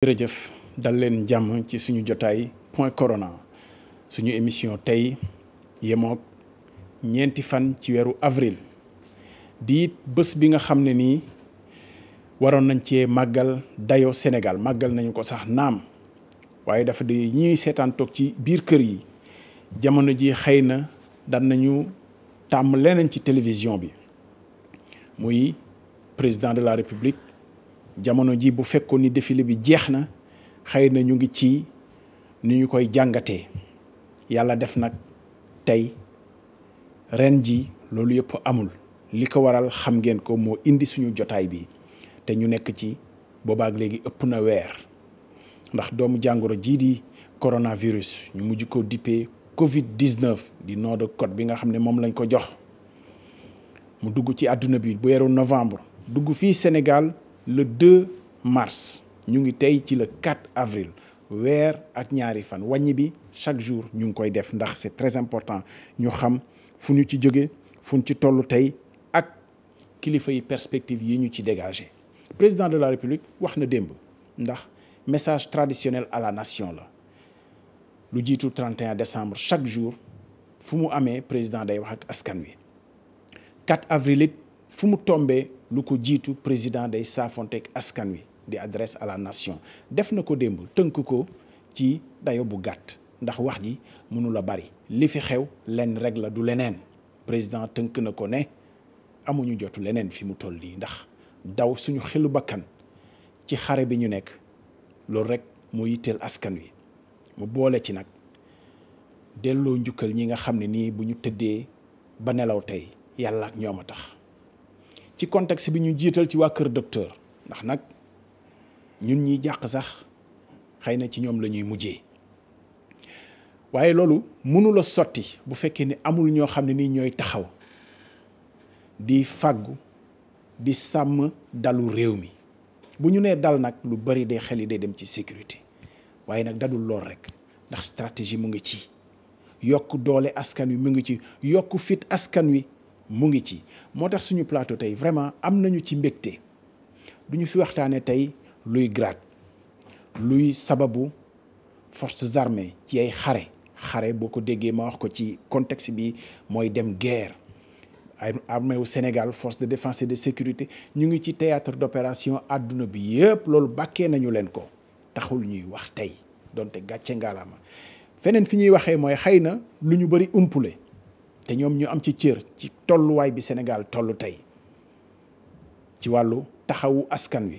jërëjëf dal leen jàmm ci suñu jotaay point corona suñu émission tey yemoog ñeenti fan ci weeru avril di bés bi nga xam ne nii waroon nañ cee màggal dayo Sénégal màggal nañu ko sax naam waaye dafa di ñuy seetaan ci biir kër yi jamono ji xëy na daan nañu tàmm leneen ci télévision bi muy président de la République jamono ji bu fekkoon ni défilé bi jeex na xëy na ñu ngi ci ni ñu koy jàngatee yàlla def nag tey ren ji loolu yëpp amul li ko waral xam ngeen ko moo indi suñu jotaay bi te ñu nekk ci boobaak léegi ëpp na weer ndax doomu jàngoro jii di coronavirus ñu mujj ko dippee Covid 19 di nom de code bi nga xam ne moom lañ ko jox mu dugg ci àdduna bi bu weeru novembre dugg fii Sénégal. le 2 mars ñu ngi tey ci le 4 avril weer ak ñaari fan wàññi bi chaque jour ñu ngi koy def ndax c'est très important ñu xam fu ñu ci jóge fu ñu ci tollu tey ak kilifa yi perspective yi ñu ci dégagé président de la république wax na démb ndax message traditionnel à la nation la lu jiitu 31 décembre chaque jour fu mu amee président day wax ak askan wi 4 fu mu tombee lu ko jiitu président day saafonteeg askan wi di adresse à la nation def na ko démb tënk ko ci dayo bu gàtt ndax wax ji mënula bari li fi xew lenn rek la du leneen président tënk na ko ne amuñu jotu leneen fi mu toll nii ndax daw suñu xelu bakkan ci xare bi ñu nekk loolu rek moo yitteel askan wi mu boole ci nag delloo njukkal ñi nga xam ne nii bu ñu tëddee ba nelaw tey yàlla ak ñoom a tax ci contexte bi ñu jiital ci waa kër docteur ndax nag ñun ñi jàq sax xëy na ci ñoom la ñuy mujjee waaye loolu mënula sotti bu fekkee ni amul ñoo xam ne nii ñooy taxaw di fàggu di sàmm dalu réew mi bu ñu nee dal nag lu bari day xel yi day dem ci sécurité waaye nag dadul lool rek ndax stratégie mu ngi ci yokk doole askan wi mu ngi ci yokk fit askan wi mu ngi ci moo tax suñu plateau tey vraiment am nañu ci mbégte du ñu fi waxtaanee tey luy grade luy sababu force armées ci ay xare xare boo ko déggee ma wax ko ci contexte bi mooy dem guerre ay armée Sénégal force de défense et de sécurité ñu ngi ci théâtre d'opération àdduna bi yëpp loolu bakkee nañu leen ko taxul ñuy wax tey donte gàcce ngaalaama feneen fi ñuy waxee mooy xëy na lu ñu bëri umpule te ñoom ñu am ci cër ci tolluwaay bi Sénégal tollu tey ci wàllu taxawu askan wi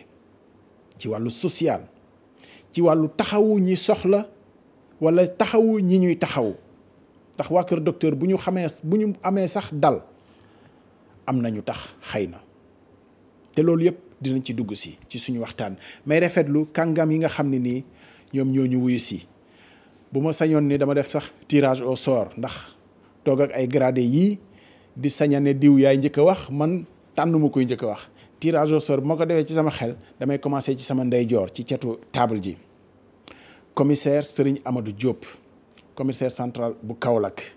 ci wàllu social ci wàllu taxawu ñi soxla walla taxawu ñi ñuy taxawu ndax waa kër docteur bu ñu xamee bu ñu amee sax dal am na ñu tax xëy na te loolu yëpp dinañ ci dugg si ci suñu waxtaan may rafetlu kàngam yi nga xam ne nii ñoom ñoo ñu wuyu si bu ma sañoon ni dama def sax tirage au sort ndax toog ak ay gradé yii di saña ne diw yaay njëkk a wax man tànn ma koy njëkk a wax tirage au sort moo ko defee ci sama xel damay commencé ci sama ndeyjoor ci cetu table ji commissaire Serigne Amadou Diop commissaire central bu Kaolack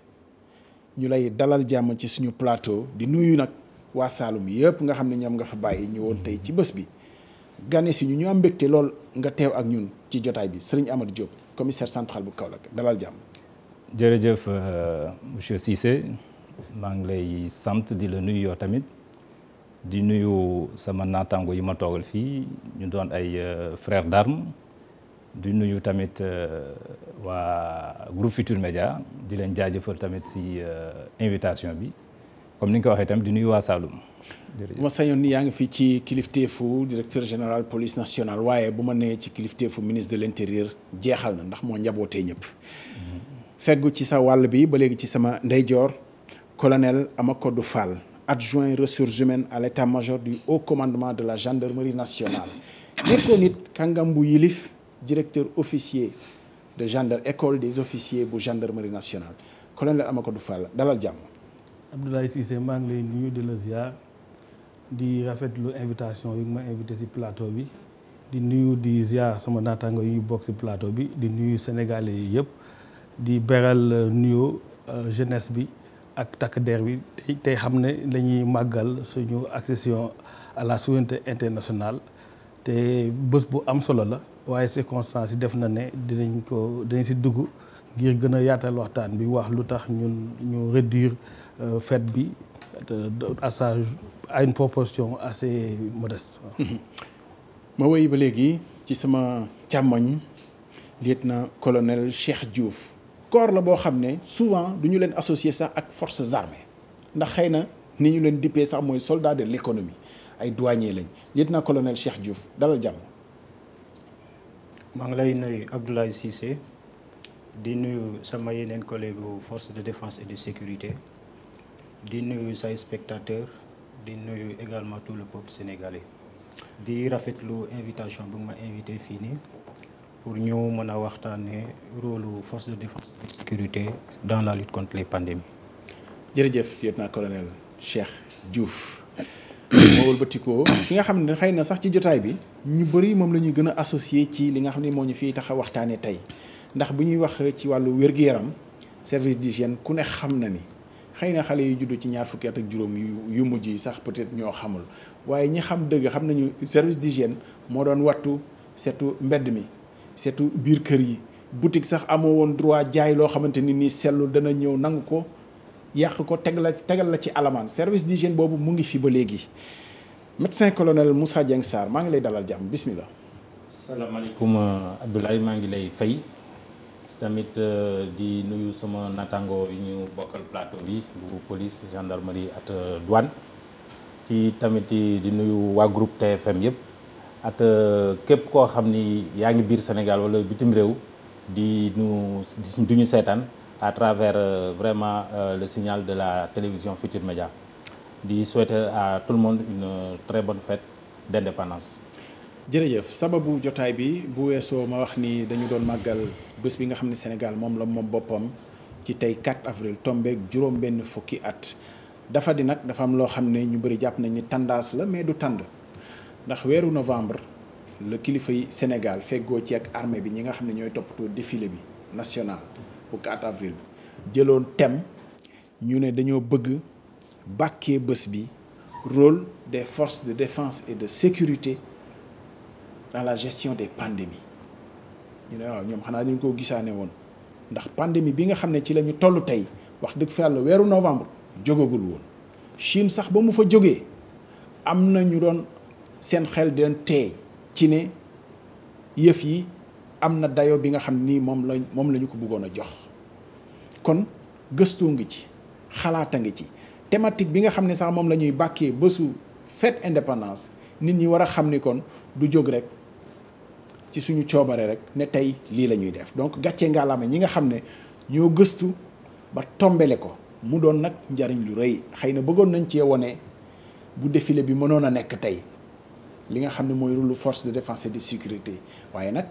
ñu lay dalal jàmm ci suñu plateau di nuyu nag waa Saloum yëpp nga xam ne ñoom nga fa bàyyi ñu woon tey ci bés bi gane si ñu ñu am mbégte lool nga teew ak ñun ci jotaay bi Serigne amatu Diop commissaire central bu Kaolack dalal jàmm. jërëjëf euh, monsieur Cissé maa ngi lay sant di la nuyu yow tamit di nuyu sama naataango yi ma toogal fii ñu doon ay euh, frères d'armes di nuyu tamit euh, waa groupe Futur Média di leen jaajëfal tamit si invitation bi comme ni nga ko waxee tamit di nuyu waa Saloum. jërëjëf ma sañoon ni yaa ngi fii ci fu directeur général police nationale waaye bu ma nee ci fu ministre de l'intérieur jeexal na ndax moo njabootee ñëpp. Mhm. feggu ci sa wàll bi ba léegi ci sama ndeyjoor colonel Amakodou Fall adjoint ressources humaines à l'état-major du haut commandement de la gendarmerie nationale nekkoon nit kàngam bu yilif directeur officier de gendarme école des officiers bu gendarmerie nationale colonel Amakodou Fall dalal jàmm Abdoulaye Cissé maa ngi lay nuyu di la ziar di rafetlu invitation yi ma invité si plateau bi di nuyu di ziar sama naataango yu bokk ci plateau bi di nuyu sénégalais yi yëpp di beral euh, nuyo euh, jeunesse bi ak takk der bi tey xam ne dañuy màggal suñu accession à la suinté internationale te bés bu am solo la waaye circonstance si def na ne dinañ ko dinañ si dugg ngir gën a yaatal waxtaan bi wax lu tax ñun ñu réduire euh, fête bi assage sa à une proportion assez modeste. ma wéy ba léegi ci sama càmmoñ na colonel Cheikh Diouf. corps la boo xam ne souvent du ñu leen associer sax ak force armées ndax xëy na ni ñu leen dippee sax mooy soldat de l'économie ay douanier lañ lieutenant colonel Cheikh Diouf dalal jàmm. maa ngi lay nuyu Abdoulaye Cissé di nuyu sama yeneen collègue force de défense et de sécurité di nuyu say spectateurs di nuyu également tout le peuple sénégalais di rafetlu invitation bu ma invité fii nii pour ñu mën a waxtaanee rôle force de défense et de sécurité dans la lutte contre les pandémies. jërëjëf lieutenant colonel Cheikh Diouf. moo wëlbatikoo ki nga xam ne xëy na sax ci jotaay bi ñu bëri moom la ñuy gën a associé ci li nga xam ne moo ñu fiy tax a waxtaanee tey ndax bu ñuy wax ci wàllu wér-gu-yaram service d'hygiène ku ne xam na ni xëy na xale yi juddu ci ñaar fukki at ak juróom yu yu mujj yi sax peut-être ñoo xamul waaye ñi xam dëgg xam nañu service di d'hygiène moo doon wattu setu mbedd mi surtout biir kër yi boutique sax amoo woon droit jaay loo xamante ni nii sellul dana ñëw nangu ko yàq ko teg tegal la ci alamaan service d'hygiène boobu mu ngi fi ba léegi médecin colonel Moussa Dieng Sarr maa ngi lay dalal jàmm bismillah salaamaaleykum euh, Abdoulaye maa ngi lay fay tamit euh, di nuyu sama natango yi ñu bokkal plateau bi bu police gendarmerie at euh, douane ci tamit di nuyu waa groupe TFM yëpp ak euh, képp koo xam ni yaa ngi biir Sénégal wala bitim réew di ñu du ñu seetaan à travers euh, vraiment euh, le signal de la télévision Futur Média di souhaiter à tout le monde une très bonne fête d'indépendance. jërëjëf sababu jotaay bi bu weesoo ma wax ni dañu doon màggal bés bi nga xam ne Sénégal moom la moom boppam ci tey 4 avril tombeek juróom benn fukki at dafa di nag dafa am loo xam ne ñu bëri jàpp nañ ni tendance la mais du tànd ndax weeru novembre la kilifa yi Sénégal feggoo ci ak armée bi ñi nga xam ne ñooy toppatoo défilé bi national bu 4 avril bi jëloon thème ñu ne dañoo bëgg bàkkee bés bi rôle des forces de défense et de sécurité dans la gestion des pandémies ñu ne waaw ñoom xanaa dañ ko gisaane woon ndax pandémie bi nga xam ne ci lañu ñu toll tey wax dëgg fa yàlla weeru novembre jogagul woon Chine sax ba mu fa jógee am na ñu doon seen xel den teey ci ne yëf yi am na dayo bi nga xam ni moom lañ moom lañu ko bëggoon a jox kon gëstu ngi ci xalaata ngi ci thématique bi nga xam ne sax moom la ñuy bàkkee bésu fête indépendance nit ñi war a xam ni kon du jóg rek ci suñu coobare rek ne tey lii la ñuy def donc gàccee ngaalaama ñi nga xam ne ñoo gëstu ba tombale ko mu doon nag njariñ lu rëy xëy na bëggoon nañ cee wone bu défilé bi mënoon a nekk tey li nga xam ne mooy rôle force de défense de sécurité waaye nag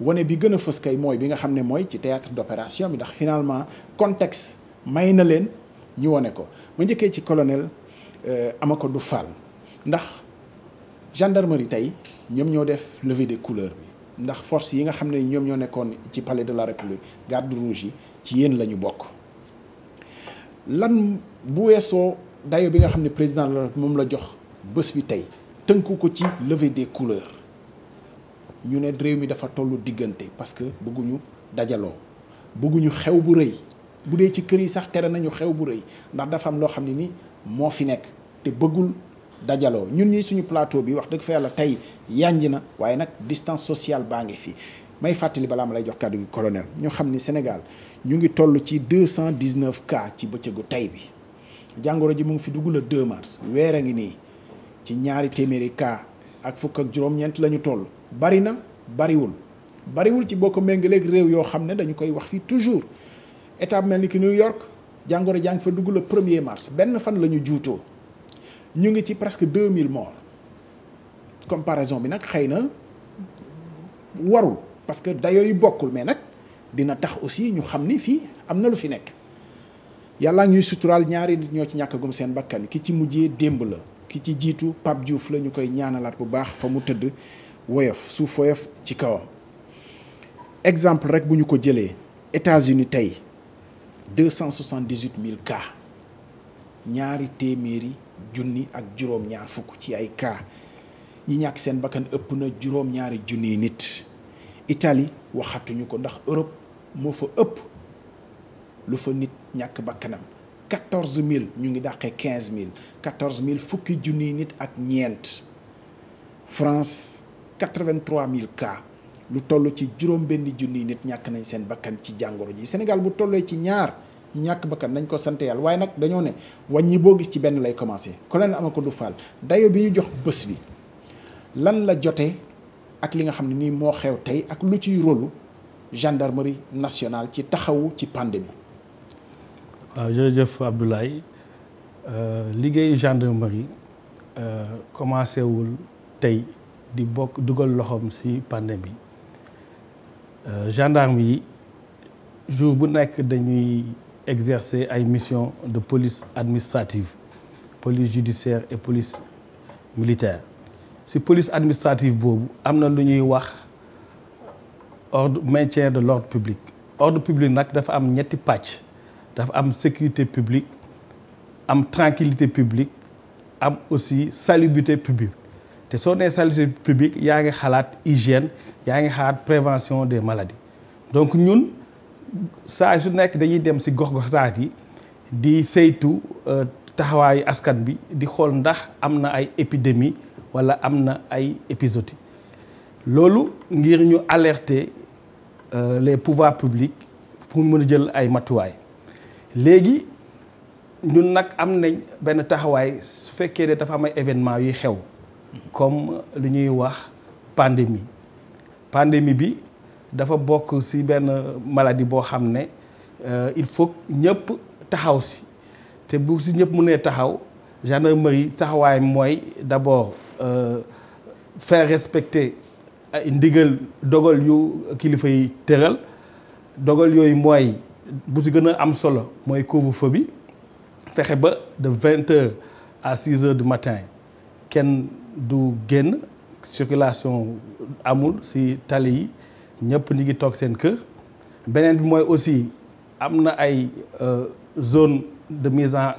wane bi gën a fës kay mooy bi nga xam ne mooy ci théâtre d'opération bi ndax finalement contexte may na leen ñu wane ko ma njëkkee ci colonel euh, du Fall ndax gendarmerie tey ñoom ñoo def levée des couleur bi ndax force yi nga xam ne ñoom ñoo nekkoon ci palais de la république garde rouge yi ci yéen la ñu bokk lan bu weesoo dayo bi nga xam ne président la moom la jox bés bi tey tënku ko ci levée des couleurs ñu ne réew mi dafa tollu diggante parce que bëgguñu dajaloo bëgguñu xew bu rëy bu dee ci kër yi sax tere nañu xew bu rëy ndax dafa am loo xam ne nii moo fi nekk te bëggul dajaloo ñun ñi suñu plateau bi wax dëgg fa yàlla tey yànj na waaye nag distance sociale baa ngi fii may fàttali balaa ma lay jox kàddu gi colonel ñu xam ni Sénégal ñu ngi toll ci deux cent dix-neuf cas ci bëccëgu tey bi jàngoro ji mu ngi fi dugg le 2 mars weer a ngi nii. ci ñaari téeméeri cas ak fukk ak juróom-ñeent la ñu toll bari na bariwul bariwul ci boo ko méngaleeg réew yoo xam ne dañu koy wax fii toujours état mel ni ki New York jàngoro jàng fa dugg le premier mars benn fan la ñu juutoo ñu ngi ci presque 2000 morts comparaison bi nag xëy na warul parce que dayoo yu bokkul mais nag dina tax aussi ñu xam ni fii am na lu fi nekk yàlla ñuy suturaal ñaari nit ñoo ci ñàkkagum seen bakkan ki ci mujjee démb la. ki ci jiitu Pape Diouf lañu koy ñaanalaat bu baax fa mu tëdd woyof suuf woyof ci kawam exemple rek bu ñu ko jëlee États-Unis tey deux cent soixante-dix-huit mille cas ñaari téeméeri junni ak juróom-ñaar fukk ci ay ka ñi ñàkk seen bakkan ëpp na juróom-ñaari junni nit itali waxatuñu ko ndax Europe moo fa ëpp lu fa nit ñàkk bakkanam quatorze mille ñu ngi dàqee quinze mille quatorze mille fukki junni nit ak ñeent France quatre-vingt-trois mille cas lu toll ci juróom benn junniy nit ñàkk nañ seen bakkan ci jàngoro ji Sénégal bu tollee ci ñaar ñàkk bakkan nañ ko sant yàlla waaye nag dañoo ne wàññi boo gis ci benn lay commencé colonel Amakodou Fall dayo bi ñu jox bés bi lan la jotee ak li nga xam ne nii moo xew tey ak lu ciy rôlu gendarmerie nationale ci taxawu ci pandémie waaw jërëjëf Abdoulaye euh, liggéeyu gendarmerie euh, commencé wul tey di bokk dugal loxoom ci pandémie euh, gendarme yi jour bu nekk dañuy exercer ay missions de police administrative police judiciaire et police militaire si police administrative boobu am na lu ñuy wax ordre maintien de l'ordre public ordre public nag dafa am ñetti pàcc. dafa am sécurité publique am tranquillité publique am aussi salubrité publique te soo nee salubrité publique yaa ngi xalaat hygiène yaa ngi xalaat prévention des maladie donc ñun saa su nekk dañuy dem ci gox-goxaat yi di saytu euh, taxawaayu askan bi di xool ndax am na ay épidémie walla am na ay épisodie loolu ngir ñu alerter euh, les pouvoirs publics pour mun a jël ay matuwaay léegi ñun nag am nañ benn taxawaay su fekkee ne dafa amay ay événement yuy xew comme lu ñuy wax pandémie pandémie bi dafa bokk ci benn maladie boo xam ne euh, il faut ñëpp taxaw si te bu ci ñëpp mënee taxaw gendarmerie taxawaay mooy d'abord euh, faire ay ndigal dogal yu kilifa yi tëral dogal yooyu mooy bu si gën a am solo mooy couvre-feu bi fexe ba de vingt heures à six heures du matin kenn du génn circulation amul si tali yi ñëpp ñi ngi toog seen kër beneen bi mooy aussi am na ay euh, zone de mise en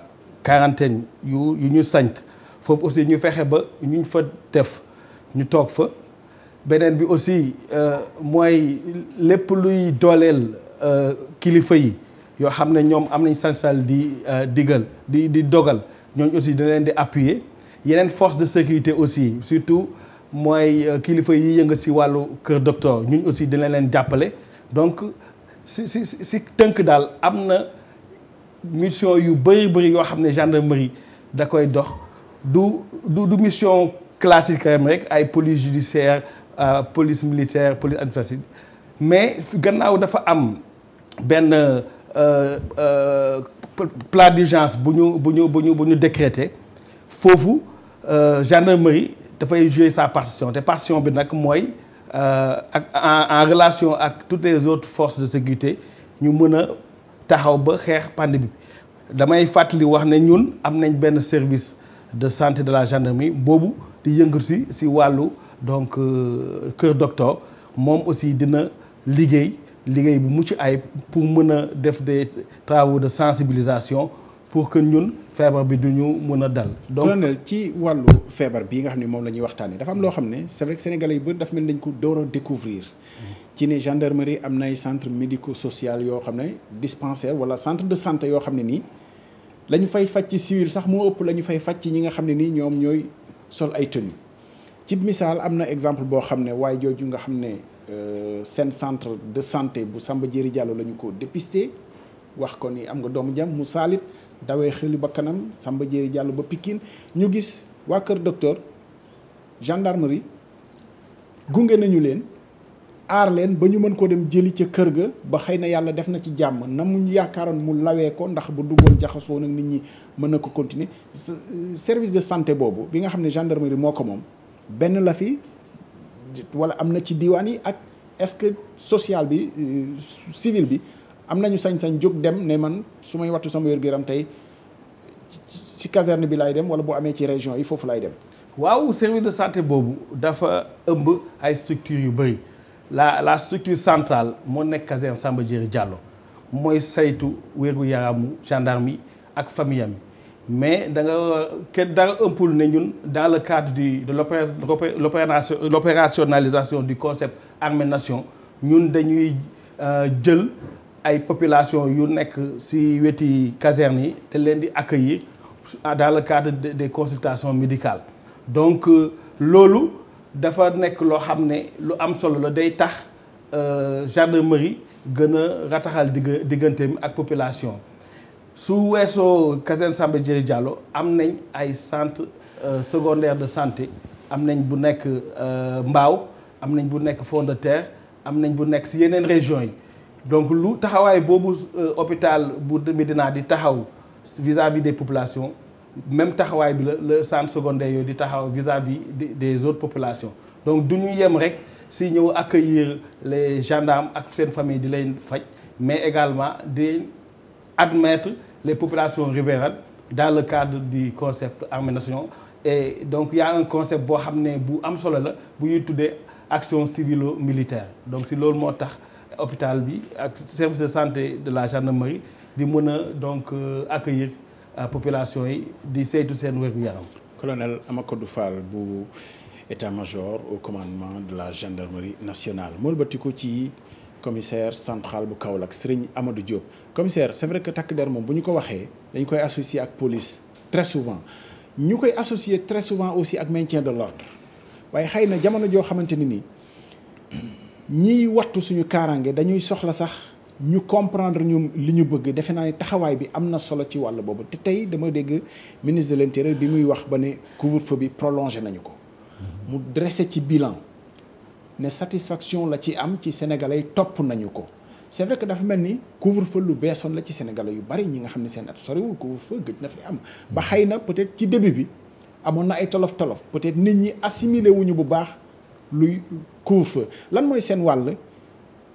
quarantaine yu yu ñu sant foofu aussi ñu fexe ba ñu fa def ñu toog fa beneen bi aussi euh, mooy lépp luy dooleel euh, kilifa yi yoo xam ne ñoom am nañ sañ-sañ di euh, digal di di dogal ñooñu aussi dina leen di appuyer yeneen force de sécurité aussi surtout mooy euh, kilifa yi yënga si wàllu kër doctor ñun aussi dina leen jàppale donc si si si tënk daal am na mission yu bëri bëri yoo xam ne gendarmerie da koy dox du du du mission classique rek ay police judiciaire euh, police militaire police administrative mais gannaaw dafa am benn euh, euh, euh, plan d'urgence bu ñu bu ñu bu ñu bu ñu décrété foofu gendarmerie dafay jouer sa partition te partition bi nag mooy ak en relation ak toutes les autres forces de sécurité ñu mën a taxaw ba xeex pandémie bi damay fàttali wax ne ñun am nañ benn service de santé de la gendarmerie boobu di yëngatu si si wàllu donc Kër Docteur moom aussi dina liggéey liggéey bu mucc ay pour mën a def des travaux de sensibilisation pour que ñun feebar bi du ñu mën a dal. donc ci wàllu feebar bi nga xam ne moom la ñuy waxtaanee dafa am loo xam ne c'est vrai que sénégalais yu bëri daf mel ni dañ ko door a découvrir ci ne gendarmerie am na ay centre médico sociale yoo xam ne dispensaire wala centre de santé yoo xam ne nii lañu fay faj ci civil sax moo ëpp la ñu fay faj ci ñi nga xam ne nii ñoom ñooy sol ay ci misaal am na exemple boo xam ne waaye jooju nga xam ne Euh, seen centre de santé bu Samba Diéry Diallo la ko dépisté wax ko ni am nga doomu jam mu saalit dawee xelu ba kanam Samba Diéry Diallo ba Pikine ñu gis waa kër docteur gendarmerie gunge nañu leen aar leen ba ñu mën koo dem jëli ca kër ga ba xëy na yàlla def na ci jàmm na mu yaakaaroon mu lawee ko ndax bu duggoon jaxasoo nag nit ñi mën na ko continuer service de santé boobu bi nga xam ne gendarmerie moo ko moom benn la fi wala am na ci diwaan yi ak est-ce que social bi euh, civil bi am nañu sañ-sañ jóg dem ne man su may wattu sama wér gu tey ci caserne bi lay dem wala boo amee ci région yi foofu laay dem. waaw service de santé boobu dafa ëmb ay structures yu bëri la la structure centrale moo nekk caserne Samba Diéry Diallo mooy saytu wér-gu-yaramu gendarme ak famille am mais da nga kenn dara ëmpul ne ñun dans le cadre du de l' l'opérationnalisation du concept armée nation ñun dañuy euh, jël ay population yu nekk ci weti caserne yi te leen di accueillir dans le cadre des consultations médicales donc euh, loolu dafa nekk loo xam ne lu am solo la day tax euh, gendarmerie gën a rataxal digganteem ak population su weesoo caserne Samba Diéry Diallo am nañ ay centre euh, secondaire de santé am nañ bu nekk euh, mbaaw am nañ bu nekk Front de Terre am nañ bu nekk si yeneen régions yi donc lu taxawaay boobu euh, hôpital bu Médina di taxaw vis-à-vis des populations même taxawaay bi la le centre secondaire yooyu di taxaw vis-à-vis des autres populations donc du ñu yem rek si ñëw accueillir les gendarmes ak seen famille di leen faj mais également di admettre les populations riveraines dans le cadre du concept armée nation et donc y a concept boo xam ne bu am solo la bu ñuy tuddee action civilo militaire donc si loolu moo tax hôpital bi ak service de santé de la gendarmerie bi mën a donc euh, accueillir euh, population yi di saytu seen wérgu yaram. colonel Amakodou Fall bu état major au commandement de la gendarmerie nationale mool batiku ci. commissaire central bu Kaolack Serigne Amadou Diop commissaire c'est vrai que takk der moom bu ñu ko waxee dañu koy associer ak police très souvent ñu koy associer très souvent aussi ak maintien de l'ordre waaye xëy na jamono joo xamante ni nii ñiy wattu suñu kaaraange dañuy soxla sax ñu comprendre ñu li ñu bëgg defe naa ne taxawaay bi am na solo ci wàll boobu te tey dama dégg ministre de bi muy wax ba ne couvre-feu bi prolongé nañu ko mu dressé ci bilan ne satisfaction la ci am ci sénégalais topp nañu ko c'est vrai que dafa mel ni couvre-feu lu beesoon la ci sénégalais yu bari ñi nga xam ne seen at soriwul couvre-feu gëj na fi am ba xëy na peut-être ci début bi amoon na ay tolof-tolof peut-être nit ñi assimilé wuñu bu baax luy couvre-feu lan mooy seen wàll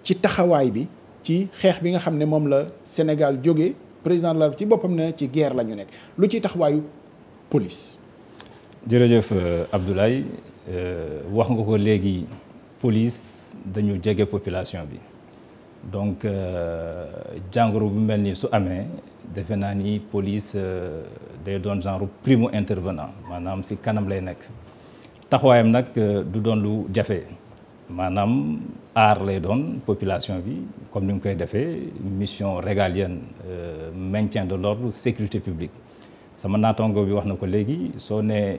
ci taxawaay bi ci xeex bi nga xam ne moom la Sénégal jóge président de la ci boppam ne ci guerre la ñu nekk lu ciy taxawaayu police jërëjëf euh, Abdoulaye euh, wax nga ko léegi police dañu jege population bi donc euh, jàngoro bu mel ni su amee defe naa ni police euh, day doon genre primo intervenant maanaam si kanam lay nekk taxawaayam nag euh, du doon lu jafe maanaam aar lay doon population bi comme ni nga koy defee mission régalienne maintien de l'ordre sécurité publique sama naataango bi wax na ko léegi soo nee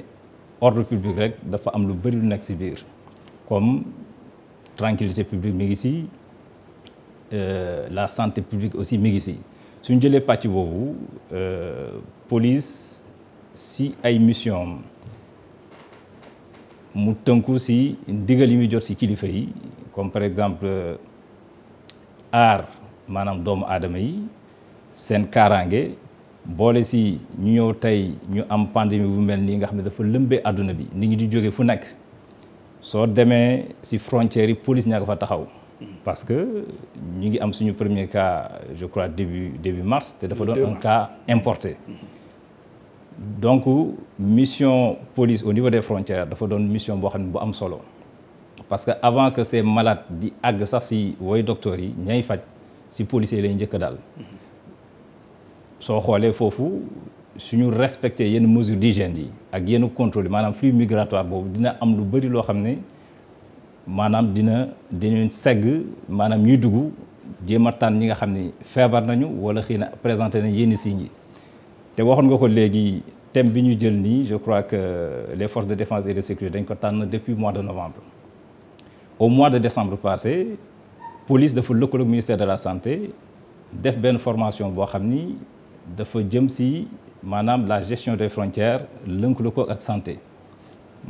ordre public rek dafa am lu bëri lu nekk si biir comme tranquillité publique mi ngi si euh, la santé publique aussi mi ngi si suñ jëlee pàcc boobu euh, police si ay mission mu tënku si ndigal yi muy jot si kilifa yi comme par exemple euh, aar maanaam doomu aadama yi seen kaaraange boole si ñu ñëw tey ñu am pandémie bu mel nii nga xam ne dafa lëmbee àdduna bi nit ñi di jóge fu nekk soo demee si frontières yi police ñaa ko fa taxaw parce que ñu ngi am suñu premier cas je crois début début mars te dafa doon un cas importé donc mission police au niveau des frontières dafa doon mission boo xam ne bu am solo parce que avant que ces malades di àgg sax si woy docteurs yi ñay faj si policiers lay njëkk daal soo xoolee foofu suñu respecté yenn mesures d'hygiène yi ak yenn contrôle yi maanaam flux migratoire boobu dina am lu bëri loo xam ne maanaam dina dinañ segg maanaam ñuy dugg jéem a tànn ñi nga xam ni feebar nañu wala xëy na présenté nañ yenn signes yi te waxoon nga ko léegi thème bi ñu jël nii je crois que les forces de défense et de sécurité dañ ko tànn depuis mois de novembre au mois de décembre passé police dafa lëkkaloog ministère de la santé def benn formation boo xam ni dafa jëm si maanaam la gestion des frontières lënkaloo ko ak santé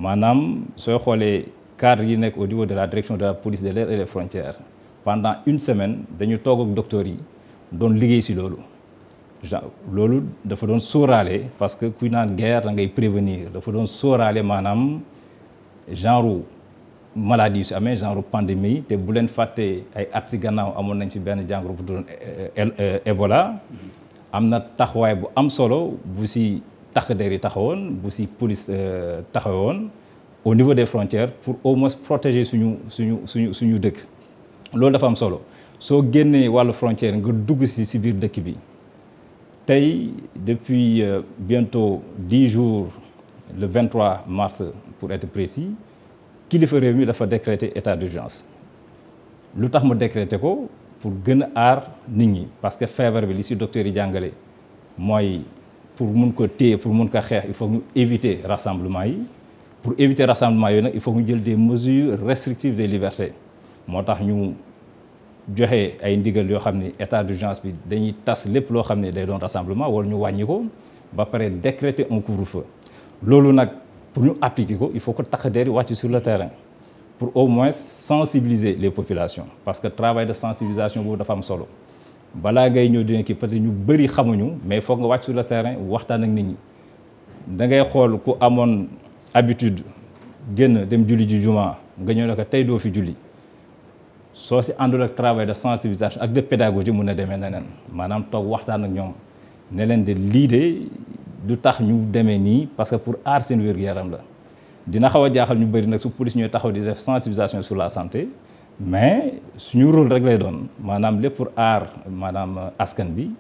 maanaam soo xoolee cadre yi nekk au niveau de la direction de la police de l'air et des frontières pendant une semaine dañu toog ak docteurs yi doon liggéey si loolu genre loolu dafa doon sóoraale parce que kuy naan guerre da ngay prévenir dafa doon sóoraale maanaam genre maladie si amee genre pandémie te bu leen fàttee ay at si gannaaw amoon nañ ci benn jàngoro bu doon euh, euh, Ebola. am na taxawaay bu am solo bu si takk der yi taxawoon bu si police euh, taxawoon au niveau des frontières pour au moins protéger suñu suñu suñu suñu dëkk loolu dafa am solo soo génnee wàllu frontière nga dugg si si biir dëkk bi tey depuis euh, bientôt dix jours le 23 mars pour être précis kilifa réew mi dafa décréter état d'urgence lu tax mu décréter ko pour gën a aar nit ñi parce que feebar bi li si docteur yi jàngale mooy pour mun ko téye pour mun ko xeex il faut ñu éviter rassemblement yi pour éviter rassemblement yooyu nag il faut ñu jël des mesures restrictives des libertés moo tax ñu joxe ay ndigal yoo xam ne état d'urgence bi dañuy tas lépp loo xam ne day doon rassemblement wala ñu wàññi ko ba pare décréter un couvre-feu loolu nag pour ñu appliquer ko il faut que takk der yi wàcc sur le terrain pour au moins sensibiliser les populations parce que travail de sensibilisation boobu dafa am solo balaa ngay ñëw dina kii parce que ñu bëri xamuñu mais foog nga wàcc sur le terrain waxtaan ak nit ñi da ngay xool ku amoon habitude génn dem julli ju jumaa nga ñëw ne ko tey doo fi julli soo si àndul ak travail de sensibilisation ak de pédagogie mun na demee neneen maanaam toog waxtaan ak ñoom ne leen de lii de du tax ñu demee nii parce que pour aar seen wér yaram la. dina xaw a jaaxal ñu bëri nag su police ñooy taxaw di def sensibilisation sur la santé mais suñu rôle rek lay doon maanaam lépp pour aar maanaam askan bi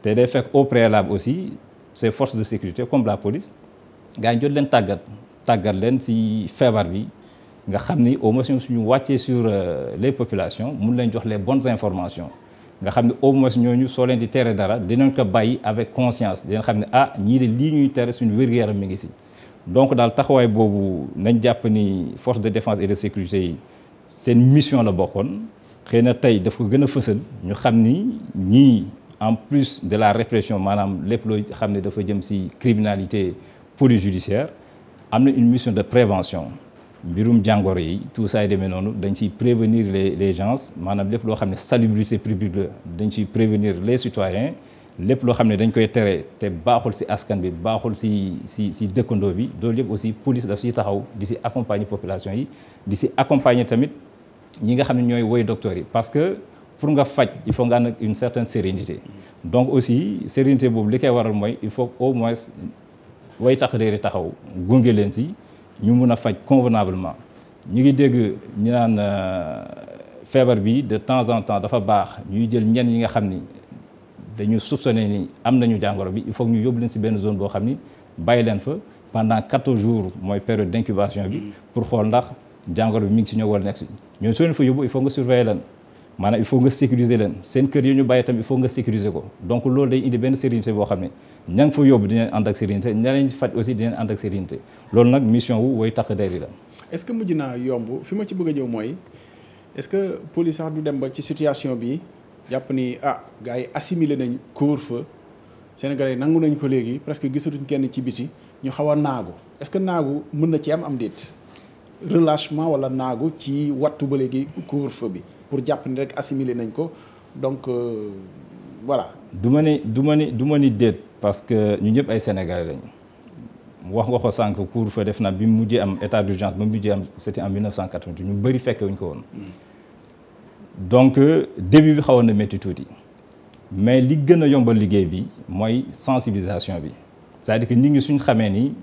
te day fekk au préalable aussi ces force de sécurité comme la police gaa yi leen tàggat tàggat leen ci feebar bi nga xam ni au moins suñu wàccee sur euh, les population mun leen jox les bonnes informations nga xam ne au moins ñooñu soo leen di tere dara dinañ ko bàyyi avec conscience dinañ xam ne ah ñii de lii ñuy tere suñu wér-gu-yaram mi ngi si. donc daal taxawaay boobu nañ jàpp ni force de défence et de sécurité yi seen mission la bokkoon xëy na tey daf ko gën a fësal ñu xam ni ñii en plus de la répression maanaam lépp loo xam ne dafa jëm ci criminalité police am na une mission de prévention mbirum jàngoro yi tout saa yi demee noonu dañ ciy prévenir les les gens maanaam lépp loo xam ne salubrité publique dañ ciy prévenir les citoyens lépp loo xam ne dañ koy tere te baaxul ci askan bi baaxul ci ci ci dëkkandoo bi doolu yëpp aussi police daf ciy taxaw di si accompagner population yi di si accompagner tamit ñi nga xam ne ñooy woy docteurs yi parce que pour nga faj il faut nga ànd ak une certaine sérénité donc aussi sérénité boobu li koy waral mooy il faut au moins woy tax réeri taxaw gunge leen si ñu mun a faj convenablement ñu ngi dégg ñu naan euh, feebar bi de temps en temps dafa baax ñuy jël ñenn yi nga xam ni dañu soupçonné ni am nañu jàngoro bi il faut ñu yóbbu leen si benn zone boo xam ni bàyyi leen fa pendant quatorze jours mooy période d' incubation bi pour xool ndax jàngoro bi mi ngi si ñoo wala nekk si ñoo soo leen fa yóbbu il faut nga surveiller leen maanaam il faut nga sécuriser seen kër yi ñu bàyyi tam il faut nga ko donc loolu day indi benn sérénité boo xam ne ña nga fa yóbbu dinañ ànd ak sérénité ña leen faj aussi dinañ ànd ak sérénité loolu nag mission wu way takk der yi la est-ce que mujj naa yomb fi ma ci bëgg a ñëw mooy est-ce que police sax du dem ba ci situation bi jàpp ni ah gars yi assimilé nañ couvre-feu sénégalais yi nangu nañ ko léegi presque gisatuñ kenn ci biti ñu xaw a naagu est-ce que naagu mën na ci am am déet relâchement wala naagu ci wattu ba léegi couvre-feu bi pour jàpp ni rek assimilé nañ ko donc euh, voilà. du ma ni du ma ni du ma ni déet parce que ñu ñëpp ay sénégalais lañ wax nga ko sànq couvre def na bi mu mujjee am état d'urgence ba mu mujjee am c'était en 1988 ñu bëri fekke ko woon. Hmm. donc euh, début bi xawoon na métti tuuti mais li gën a yombal liggéey bi mooy sensibilisation bi c'est-à-dire que nit suñ xamee ni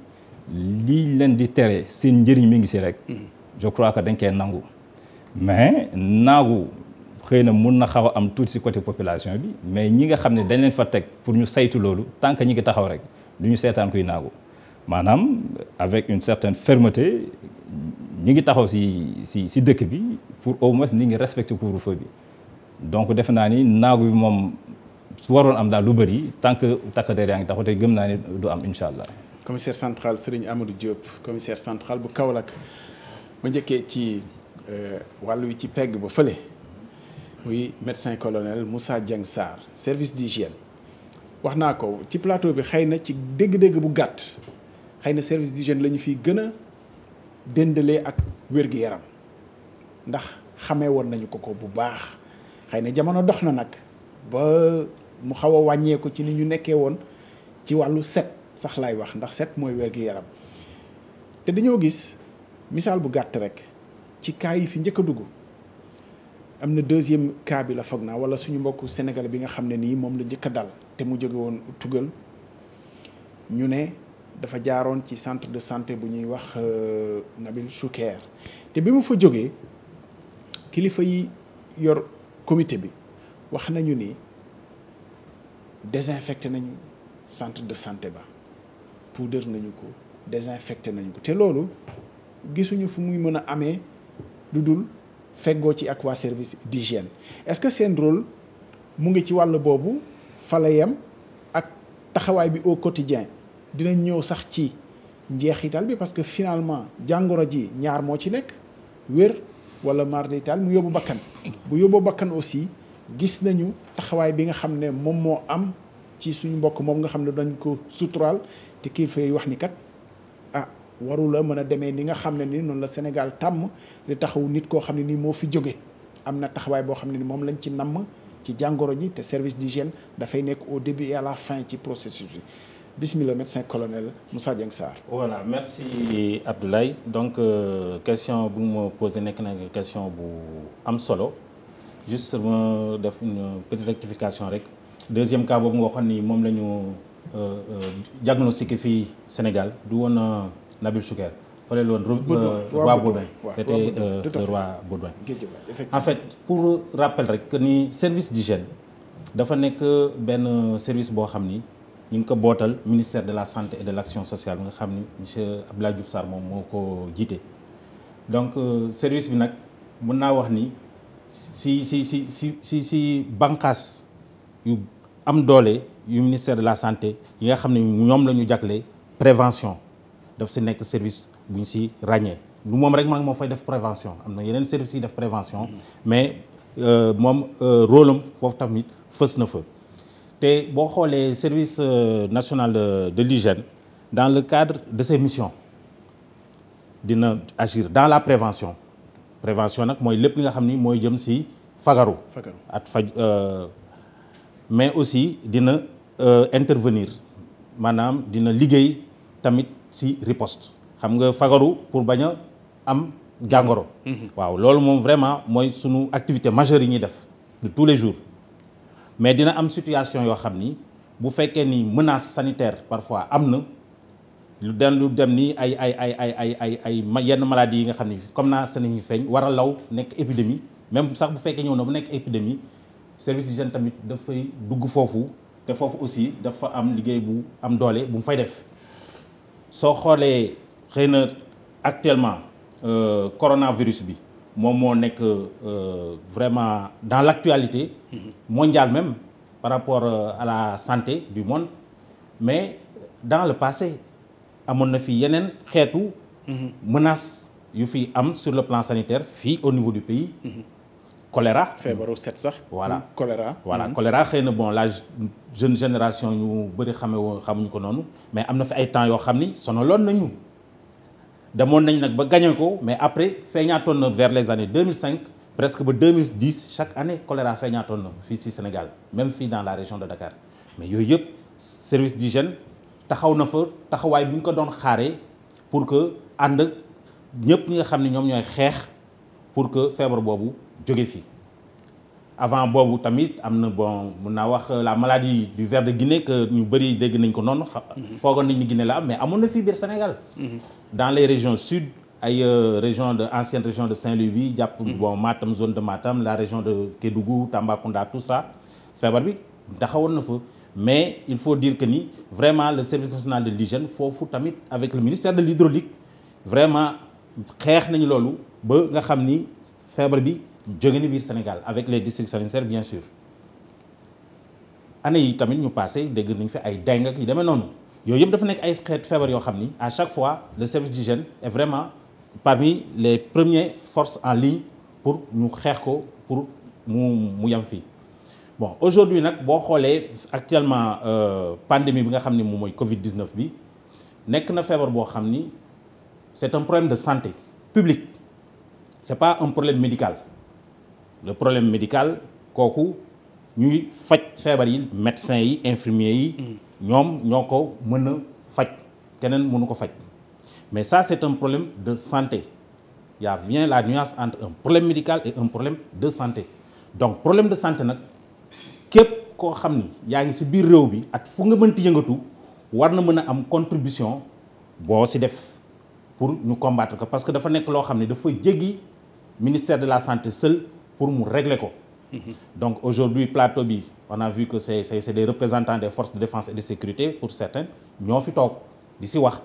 lii leen di tere seen njëriñ mi ngi si rek mm-hmm. je crois que dañ koy nangu mais naagu xëy na mun na xaw a am tuuti si côté population bi mais ñi nga xam ne dañ leen fa teg pour ñu saytu loolu tant que ñi ngi taxaw rek du ñu seetaan kuy naagu maanaam avec une certaine fermeté ñu ngi taxaw si si si dëkk bi pour au moins ni ngi respecter couvre-feu bi donc defe naa ni naagu bi moom su waroon am daal lu bëri tant que takk der yaa ngi taxaw te gëm naa ni du am incha allah. commissaire central Serigne Amadou Diop commissaire central bu Kaolack ma njëkkee ci euh, wàllu wi ci pegg ba fële muy médecin colonel Moussa Dieng Sarr service d'hygiène wax naa ko ci plateau bi xëy na ci dégg-dégg bu gàtt xëy na service d'hygiène la ñu fiy gën a déndale ak wér-gu-yaram ndax xamee woon nañu ko ko bu baax xëy na jamono dox na nag ba mu xaw a wàññeeku ci ni ñu nekkee woon ci wàllu set sax laay wax ndax set mooy wér-gu-yaram te dañoo gis misaal bu gàtt rek ci cas yi fi njëkk dugg am na deuxième cas bi la foog naa wala suñu mbokku Sénégal bi nga xam ne nii moom la njëkk a dal te mu jóge woon tugal ñu ne dafa jaaroon ci centre de santé bu ñuy wax euh, Nabil Choucair te bi mu fa jógee kilifa yi yor comité bi wax nañu ni désinfecté nañu centre de santé ba poudre nañu ko désinfecté nañu ko te loolu gisuñu fu muy mën a amee lu dul feggoo ci ak waa service d'hygiène est-ce que seen rôle mu ngi ci wàll boobu fa yem ak taxawaay bi au quotidien dinañ ñëw sax ci njeexital bi parce que finalement jàngoro ji ñaar moo ci nekk wér wala mardital mu yóbbu bakkan bu yóbbu bakkan aussi gis nañu taxawaay bi nga xam ne moom moo am ci suñu mbokk moom nga xam ne dañ ko suturaal te kii yi wax ni kat ah waru mën a demee ni nga xam ne ni noonu la Sénégal tàmm di taxaw nit koo xam ne nii moo fi jóge am na taxawaay boo xam ne ni moom lañ ci namm ci jàngoro ji te service di d'hygiène dafay nekk au début et la fin ci processus bi bismillah médecin colonel Moussa Dieng Sarr. voilà merci Abdoulaye donc euh, question bu ma posé nekk na question bu am solo juste ma def une petite rectification rek deuxième cas boobu nga waxoon ni moom la ñu euh, euh, diagnostiqué fii Sénégal du woon Nabil Choucair fële la woon. Euh, roi Baudouin c'était le roi Baudouin en fait pour rappel rek que ni service d'hygiène dafa nekk benn service boo xam ni. ñu ngi ko bootal ministère de la santé et de l'action sociale nga xam ni monsieur Abdoulaye Diouf Sarr moom moo ko jiite. donc euh, service bi nag mën naa wax ni si si si si si si bànqaas yu am doole yu ministère de la santé yi nga xam ne ñoom la ñu jagle prévention daf si nekk service bu ñu si ràññee. lu moom rek man moo fay def prévention am na yeneen service yi def prévention mm. mais euh, moom euh, rôle am foofu tamit fës na fa. te boo xoolee service euh, national euh, de l'hygiène dans le cadre de ses mission dina agir dans la prévention prévention nag mooy lépp nga xam ni mooy jëm si fagaru at faj euh, mais aussi dina intervenir maanaam dina liggéey tamit si riposte xam nga fagaru pour bañ a am jàngoro mm-hmm. waaw loolu moom vraiment mooy sunu activité majeure yi ñuy def de tous les jours mais dina am situation yoo xam ni bu fekkee ni menace sanitaire parfois am na lu dem lu dem ni ay ay ay ay ay ay ay yenn maladies yi nga xam ni comme naa sene seen feeñ war a law nekk épidémie même sax bu fekkee ñëw na bu nekk épidémie service d'hygiène tamit dafay dugg foofu te foofu aussi dafa am liggéey bu am doole bu mu fay def soo xoolee xëy na actuellement euh, coronavirus bi moom moo nekk euh, vraiment dans l'actualité mondiale même par rapport euh, à la santé du monde mais dans le passé amoon na fi yeneen xeetu menace yu fi am sur le plan sanitaire fii au niveau du pays choléra feebaru set sax voilà hmm. choléra voilà hmm. choléra xëy na bon la jeune génération ñu bëri xamee woon xamuñu ko noonu mais am na fi ay temps yoo xam ni sonaloon nañu demoon nañ nag ba gagné ko mais après feeñaatoon na vers les années cinq presque ba 2010 chaque année choléra feeñaatoon na fii si Sénégal même fii dans la région de Dakar mais yooyu yëpp service d'hygiène taxaw na fa taxawaay bi ñu ko doon xaaree pour que ànd ak ñëpp ñi nga xam ne ñoom ñooy xeex pour que feebar boobu jóge fi avant boobu tamit am na bon mun naa wax la maladie du verde de Guinée que ñu bëri dégg nañ ko noonu. Mhm. foogoon nañ ni Guinée la mais amoon na fii biir Sénégal. Mhm. dans les régions sud ay euh, région de ancienne région de Saint-Louis bi jàpp mm-hmm. bon Matam zone de maatam la région de Kédougou Tambacounda tout ça feebar bi taxawoon na fa mais il faut dire que ni vraiment le service national de l'hygiène foofu tamit avec le ministère de l'hydraulique vraiment xeex nañu loolu ba nga xam ni feebar bi jóge ni biir Sénégal avec les districts sanitaires bien sûr année yi tamit ñu passé dégg nañ fi ay dengue ak yu demee noonu yooyu yëpp dafa nekk ay xeet feebar yoo xam ni à chaque fois le service d'hygiène est vraiment parmi les premières forces en ligne pour ñu xeex ko pour mu mu yam fii bon aujourd'hui nag boo xoolee actuellement euh, pandémie bi nga xam ni moom mooy Covid 19 bi nekk na feebar boo xam ni c'est un problème de santé publique c'est pas un problème médical le problème médical kooku ñuy faj feebar yi médecins yi infirmiers yi. Mm. ñoom ñoo ko mën a faj keneen mënu ko faj mais ça c'est un problème de santé il y la nuance entre un problème médical problème de santé donc problème de santé nag képp koo xam ni yaa ngi ci biir réew bi ak fu nga mënti yëngatu war na mën a am contribution boo si def pour ñu combattre ko parce que dafa nekk loo xam ne dafa jéggi ministère de la santé seul pour mu régler ko donc aujourd'hui plateau bi on a vu que c'est c'est des représentants des forces de défense et de sécurité pour certains ñoo fi toog di si wax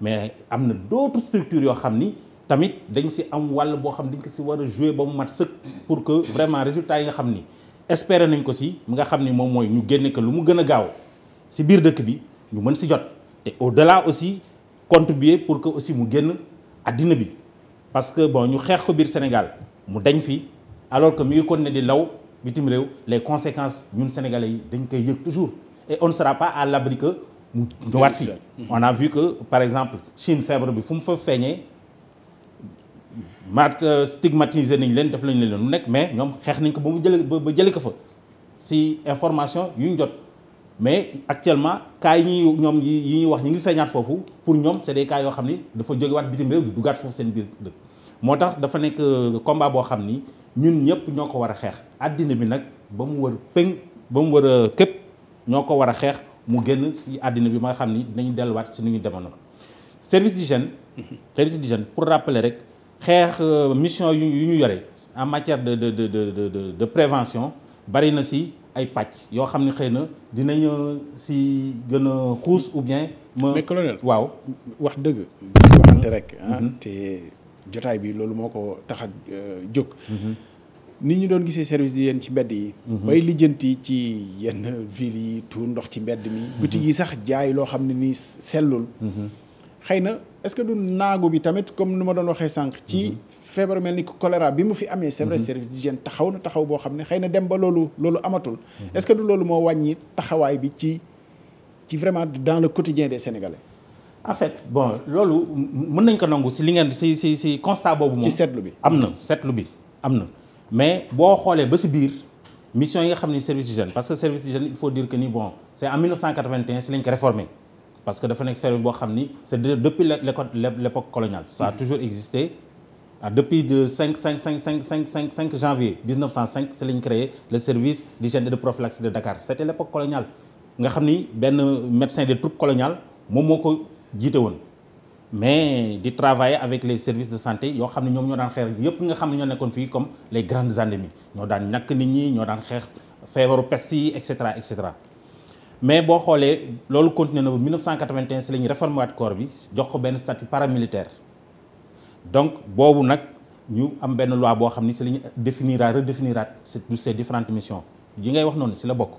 mais am na d'autres structures yoo xam ni tamit dañ si am wàll boo xam dañ ko si war a jouer ba mu mat sëkk pour que vraiment résultat yi nga xam ni espérer nañ ko si mi nga xam ni moom mooy ñu génne que lu mu gën a gaaw si biir dëkk bi ñu mën si jot te au-delà aussi contribuer pour que aussi mu génn àddina bi parce que bon ñu xeex ko biir Sénégal mu dañ fi alors que mi ngi continuer di law bitim réew les conséquence ñun sénégalais yi dañ koy yëg toujours et on ne pas à l'abri que mu ñëwaat fii on a vu que par exemple Chine feebar bi fu mu fa feeñee mat euh, stigmatisé nañ leen def lañ leen lu nekk mais ñoom xeex nañ ko ba mu jële ba jële ko fa si information yu ñu jot mais actuellement cas yi ñuy ñoom yi ñuy wax ñu ngi feeñaat foofu pour ñoom c'est des yoo xam ni dafa jógewaat bitim réew di dugaat foofu seen biir dëkk moo tax dafa nekk euh, combat boo xam nii ñun ñëpp ñoo ko war a xeex àddina bi nag ba mu war péng ba mu war a euh, képp ñoo ko war a xeex mu génn si àddina bi ma xam ni dinañu delluwaat si ni ñu demoon service di d'hygiène mhm. service d'hygiène pour rappeler rek xeex euh, mission yu yu ñu yore en matière de de de de de prévention bari na si ay pàcc yoo xam ne xëy na dinañu euh, si gën a xuus ou bien. ma waaw wax dëgg. waxante mhm. rek ah, mhm. jotaay bi loolu moo ko tax a euh, jóg. Mm-hmm. nit ñu doon gisee service di yéen ci mbedd yi. Mm-hmm. bay lijjanti ci yenn ville yi tuur ndox ci mbedd mi. Mm-hmm. boutique yi sax jaay loo xam ne nii sellul. xëy na est-ce que du naagu bi tamit comme nu ma doon waxee sànq. ci feebar mel ni choléra bi mu fi amee. c'est vrai service taxaw na taxaw boo xam ne xëy na dem ba loolu amatul. est-ce que du loolu moo wàññi taxawaay bi ci ci vraiment dans le quotidien de Sénégalais. en fait bon loolu mën nañ ko nangu si li ngeen si si si constat boobu moom ci seetlu bi am na seetlu bi am na mais boo xoolee ba si biir mission yi nga xam ni service d'hygiène parce que service d'hygiène il faut dire que ni bon c'est en 1981 si lañ ko réformé parce que dafa nekk service boo xam ni c'est depuis l'époque mm. le 5 5 5 5 5 5 de prophylaxie de Dakar c'était l'époque coloniale nga xam ni benn médecin des troupes coloniales moom moo ko jiite woon mais di travailler avec les services de santé yoo xam ne ñoom ñoo daan xeex yëpp nga xam ne ñoo nekkoon fii comme les grandes endémies ñoo daan ñàkk nit ñi ñoo daan xeex feebaru peste yi et cetera et cetera mais boo xoolee loolu continué na ba 1981 si la ñu réformé waat corps bi jox ko benn statut paramilitaire donc boobu nag ñu am benn loi boo xam ni si la ñu définiraat redéfiniraat ces différentes mission yi ngay wax noonu si la bokk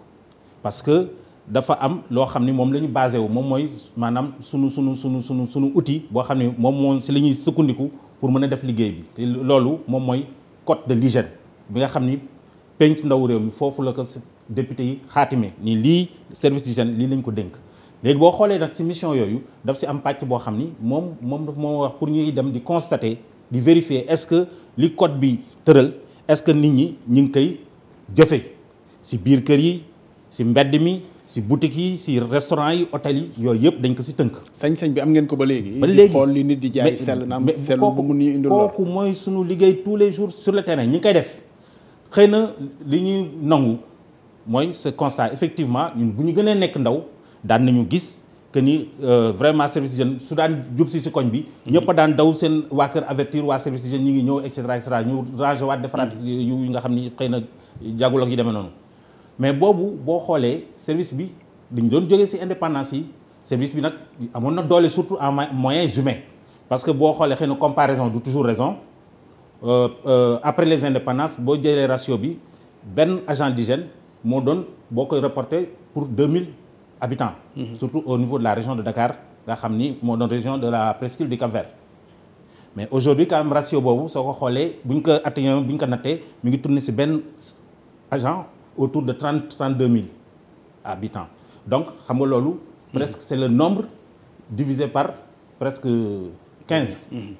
dafa am loo xam ni moom la ñu basé wu moom mooy maanaam sunu sunu sunu sunu sunu outil boo xam ni moom moom si la ñuy sukkandiku pour mën a def liggéey bi te loolu moom mooy code de l'hygiène bi nga xam ni penc ndaw réew mi foofu la ko député yi xaatime ni lii service d'hygiène lii lañ ko dénk léegi boo xoolee nag si mission yooyu daf si am pàcc boo xam ni moom moom daf moo wax pour ñuy dem di constater di vérifier est-ce que li code bi tëral est-ce que nit ñi ñu ngi koy jëfe si biir kër yi si mbedd mi si boutique yi si restaurant yi hôtel yi yooyu yëpp dañ ko si tënk. sañ-sañ bi am ngeen ko ba léegi. ba léegi xool li nit di jaay sell na am sell bu mun ñu indil kooku mooy sunu liggéey tous les jours sur le terrain ñu ngi koy def xëy na li ñuy nangu mooy ce constat effectivement ñun bu ñu gënee nekk ndaw daan nañu gis que ni euh, vraiment service jeune su daan jub si si koñ bi. Mhm. ñëpp a daan daw seen waa kër avertir waa service jeune ñu ngi ñëw et cetera et cetera ñu rangé waat defaraat mhm. yu nga xam ni xëy na jagul ak yu demee noonu. mais boobu boo xoolee service bi dañ doon jógee ci indépendance yi service bi nag amoon na doole surtout en moyens humains parce que boo xoolee xëy na comparaison du toujours raison euh, euh, après les indépendances boo jëlee ratio bi benn agent d'hygiène moo doon boo koy reporté pour deux 2000 habitants mmh. surtout au niveau de la région de Dakar nga xam ni moo doon région de la presqu'île du Cap-Vert mais aujourd'hui quand même ratio boobu soo ko xoolee bu ñu ko atteint bu ñu ko nattee mu ngi tourné ci benn agent autour de 30 32 000 habitants donc xam nga loolu presque c'est le nombre divisé par presque quinze mm-hmm. Mm-hmm.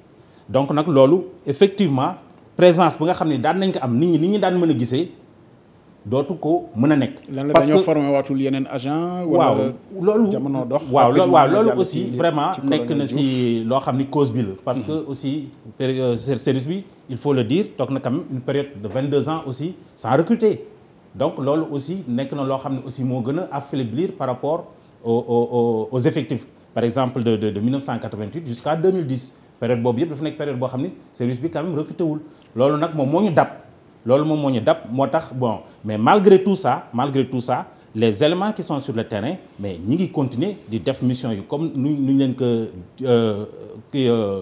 donc nag loolu effectivement présence bu nga xam ne daan nañ ko am nit ñi nit ñi daan mën a gisee dootu ko mën a nekk. lan la dañoo formé waatul yeneen agent wala loolu jamono dox. waaw waaw loolu aussi vraiment nekk na si loo xam ni cause bi la. parce que mm-hmm. aussi période service bi il faut le dire toog na quand une période de vingt deux ans aussi sans recruter. donc loolu aussi nekk na loo xam ne aussi moo gën a affaiblir par rapport aux aux par exemple de de de 1988 jusqu'à 2010 période boobu yëpp dafa nekk période boo xam ni service bi quand même recruté wul loolu nag moom moo ñu dab loolu moom moo ñu dab moo tax bon mais malgré tout ça malgré tout ça les éléments qui sont sur le terrain mais ñi ngi continue di def mission yi comme nu ñu leen ko euh, kii euh,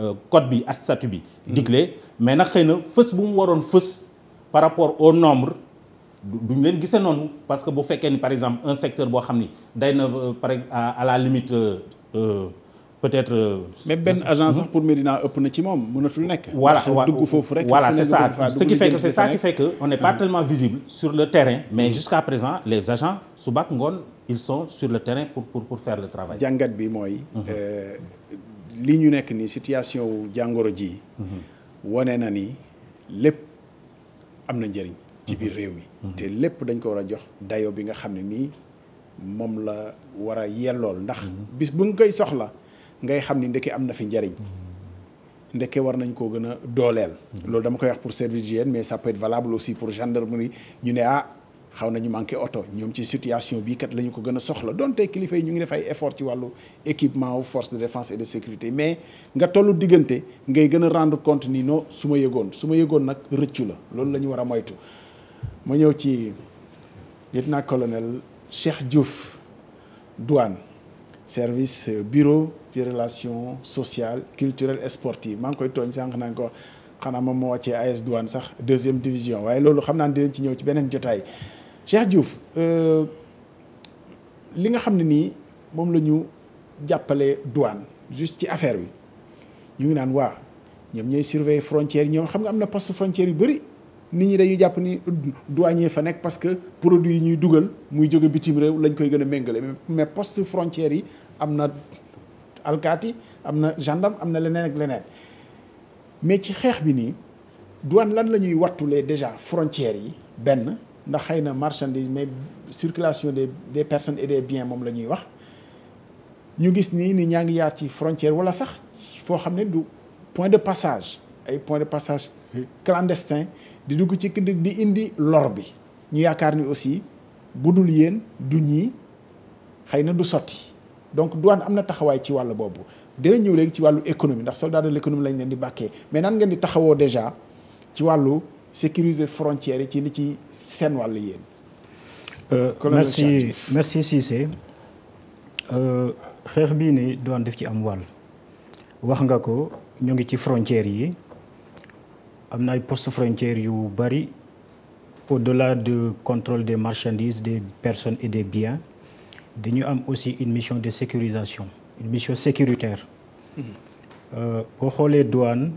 euh, code bi ak statut bi. diglee mm-hmm. mais nag xëy na fës bu mu waroon fës par rapport au nombre. du leen gisee noonu parce que bu fekkee ni par exemple un secteur boo xam ni day na euh, par à la limite euh, euh peut-être. Euh, mais benn agence hmm? pour Médina ëpp na ci moom mun nekk. voilà dugg foofu wala voilà c'est ça ce qui fait que c'est ça qui fait que on n'est ah. pas tellement visible sur le terrain. mais hmm. jusqu'à présent les agents suba ngoon ils sont sur le terrain pour pour pour faire le travail. jàngat bi mooy. Hmm. li ñu nekk ni situation wu jàngoro ji. wone na ni lépp am na njëriñ. ci biir réew mi te lépp dañ ko war a jox dayo bi nga xam ne nii moom la war a yellool ndax bis bu nga koy soxla ngay xam ni ndeke am na fi njariñ ndekke war nañ koo gën a dooleel loolu dama koy wax pour service d'hygiène mais ça peut être valable aussi pour gendarmerie ñu ne ah xaw nañu manqué oto ñoom ci situation bii kat la ko gën a soxla donte kilifa yi ñu ngi def ay effort ci wàllu équipement wu force de défense et de sécurité mais nga tollu diggante ngay gën a rendre compte su ma yëgoon su ma yëgoon nag rëccu la loolu la ñu war a moytu ma ñëw ci lieutenant colonel Cheikh Diouf douane service euh, bureau ci relation sociale culturelle et sportive maa ngi koy tooñ sànq naa ko xanaa moom moo wàccee AS douane sax deuxième division waaye loolu xam naa dinañ ci ñëw ci beneen jotaay Cheikh Diouf euh, li nga xam ne nii moom la ñu jàppale douane juste ci affaire bi ñu ngi naan waa ñoom ñooy surveiller frontière ñoom xam nga am na poste frontière yu bëri. nit ñi dañuy jàpp ni douanier fa nekk parce que produit yi ñuy dugal muy jóge bitim réew lañ koy gën a méngale mais poste frontière yi am na alkaati am na gendarme am na leneen ak leneen mais ci xeex bi nii douane lan la ñuy wattulee déjà frontières yi benn ndax xëy na marchandise mais circulation des des personnes et des bien moom la ñuy wax ñu gis nii ni ñaa ngi yaar ci frontière walla sax foo xam ne du point de passage ay point de passage clandestin di dugg ci kii di indi lor bi ñu yaakaar ni aussi bu dul yéen du ñii xëy na du sotti donc douane am na taxawaay ci wàll boobu dina ñëw léegi ci wàllu économie ndax soldat de l'économie lañ leen di bàkkee mais nan ngeen di taxawoo déjà ci wàllu sécuriser frontières yi ci li ci seen wàll yéen. Euh, merci merci Cissé euh, xeex bii ni douane def ci am wàll wax nga ko ñu ngi ci frontières yi. am na ay post frontière yu bëri au-delà du contrôle des marchandises des personnes et des biens dañu am aussi une mission de sécurisation une mission sécuritaire mm-hmm. euh, boo xoolee douane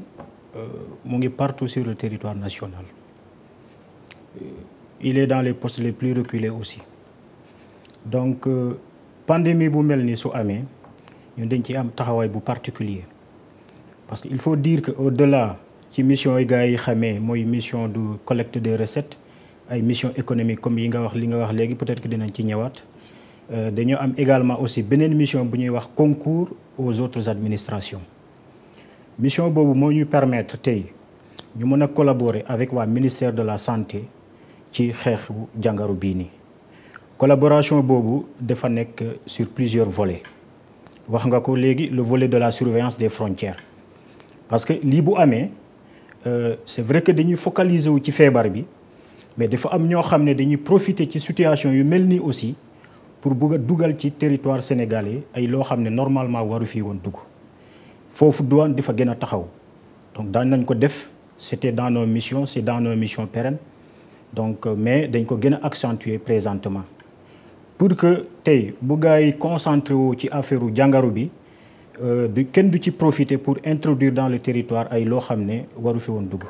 euh, mu ngi partout sur le territoire national euh, il est dans les postes les plus reculés aussi donc euh, pandémie bu mel ni su amee ñun dañ ci am taxawaay bu particulier parce que il faut dire que au-delà ci mission yi gars yi xamee mooy mission de collecte des recettes ay mission économique comme yi nga wax li nga wax léegi peut-être que dinañ ci ñëwaat euh, dañoo am également aussi beneen mission bu ñuy wax concours aux autres administrations mission boobu moo ñu permettre tey ñu mën a collaborer avec waa ministère de la santé ci xeexu jàngaro bii nii collaboration boobu dafa nekk sur plusieurs volets wax nga ko léegi le volet de la surveillance des frontières parce Euh, c'est vrai que dañuy focaliser wu ci feebar bi mais dafa am ñoo xam ne dañuy profiter ci situation yu mel nii aussi pour bëgg dugal ci territoire sénégalais ay loo xam ne normalement waru fii woon dugg foofu douane dafa gën a taxaw donc daan nañ ko def c'était dans mission missions c'est dans nos missions pérennes donc euh, mais dañ ko gën a accentuer présentement pour que tey bu gars yi concentré wu ci affaire jàngaro bi Euh, du kenn du ci profiter pour introduire dans le territoire ay loo xam ne waru fi woon dugg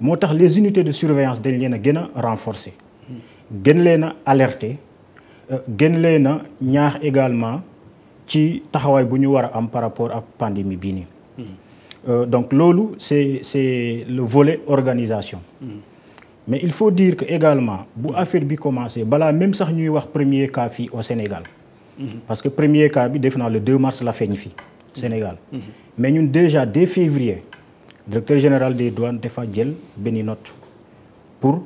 moo tax les unités de surveillance dañ leen a gën a renforcer gën leen a alerter euh, gën leen a ñaax également ci taxawaay bu ñu war a am par rapport ak pandémie bii nii hmm. euh, donc loolu c'est c'est le volet organisation hmm. mais il faut dire que également bu affaire bi commencé balaa même sax ñuy wax premier cas fii au Sénégal parce que premier cas bi def naa le 2 mars la feeñ fii Sénégal. mais ñun déjà dès février directeur général des douanes dafa jël benni note pour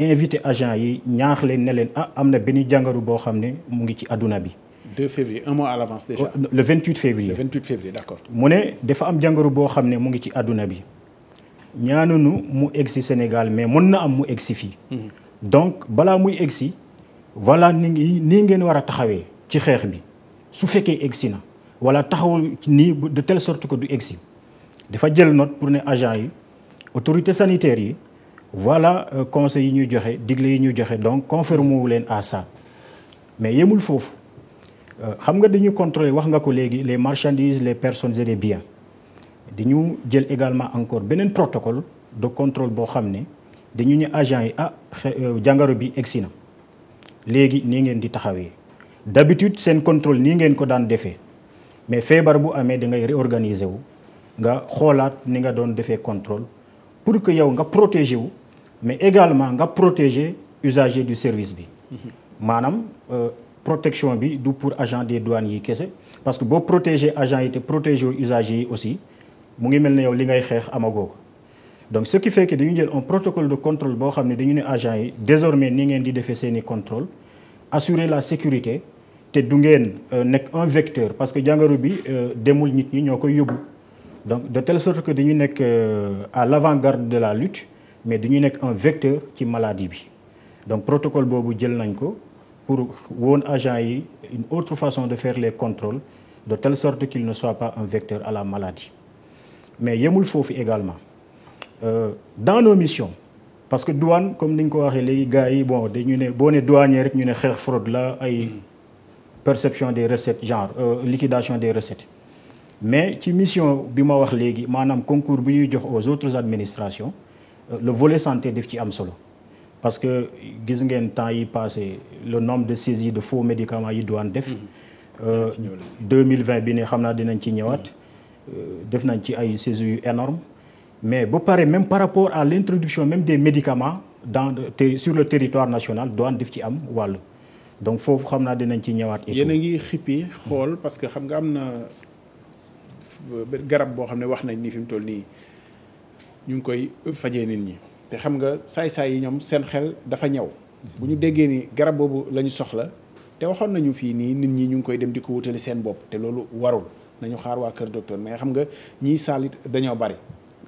invité agent yi ñaax leen ne leen ah am na benn jàngaru boo xam ne mu ngi ci adduna bi. 2 février mois à l'avance déjà. Oh, le 28 février le 28 février d'accord. mu ne dafa am jàngaru boo xam ne mu ngi ci adduna bi ñaanunu mu egg si Sénégal mais mën na am mu egg si fii. Mm-hmm. donc balaa muy egg si voilà ni ngi ni ngeen war a taxawee. ci xeex bi su fekkee egsi na wala taxawul nii de telle sorte que du egsi dafa jël not pour ne agent yi autorité sanitaire yi voilà euh, conseil yi ñuy joxe digle yi ñuy joxe donc confirme wu leen à ça mais yemul foofu euh, xam nga dañu contrôler wax nga ko léegi les marchandises les personnes et les biens dañu jël également encore beneen protocole de contrôle boo xam ne dañu ñu agent yi ah euh, jàngoro bi egsi na léegi nii ngeen di taxawee d'habitude seen contrôle nii ngeen ko daan defee mais feebar bu amee da ngay réorganiser wu nga xoolaat ni nga doon defee contrôle pour que yow nga protéger wu mais également nga protéger usager du service bi mm-hmm. maanaam euh, protection bi du pour agent des douanes yi kese parce que boo protéger agent yi te protéger usager yi aussi mu ngi mel ne yow li ngay xeex amagoo ko donc ce qui fekke que dañu jël en protocole de contrôle boo xam ne dañu ne agent yi désormais ni ngeen di defee seeni contrôle assurer la sécurité te du ngeen euh, nekk un vecteur parce que jàngoro bi euh, demul nit ñi ñoo koy yóbbu donc de telle sorte que dañu nekk euh, à l'avant-garde de la lutte mais dañu nekk un vecteur ci maladie bi donc protocole boobu jël nañ ko pour woon agent yi une autre façon de fair les contrôles de telle sorte qu'il ne soit pas un vecteur à la maladie mais yemul foofu également dans nos missions parce que douane comme ni ñu ko waxee léegi gars yi bon dañu ne boo ne douanier rek ñu ne xeex fraude la ay hmm. perception des recettes genre euh, liquidation des recettes mais ci mission bi ma wax léegi maanaam concours bi ñuy jox aux autres administrations euh, le volet santé def ci am solo parce que gis ngeen temps yi passé le nombre de saisies de faux médicament yi douane def 2020 hmm. euh, bi ne xam naa dinañ ci ñëwaat hmm. euh, def nañ ci ay saisies yu énorme mais ba pare même par rapport à l'introduction même des médicaments dans sur le territoire national douane def ci am wàll donc foofu xam naa dinañ ci ñëwaat. yéen a ngi xippi xool parce que xam nga am na garab boo xam ne wax nañ ni fi mu toll nii ñu ngi koy fajee nit ñi. te xam nga saay-saay yi ñoom seen xel dafa ñaw. bu ñu déggee ni garab boobu la ñu soxla te waxoon nañu fii nii nit ñi ñu ngi koy dem di ko wutali seen bopp te loolu warul nañu xaar waa kër docteur mais xam nga ñiy saalit dañoo bari.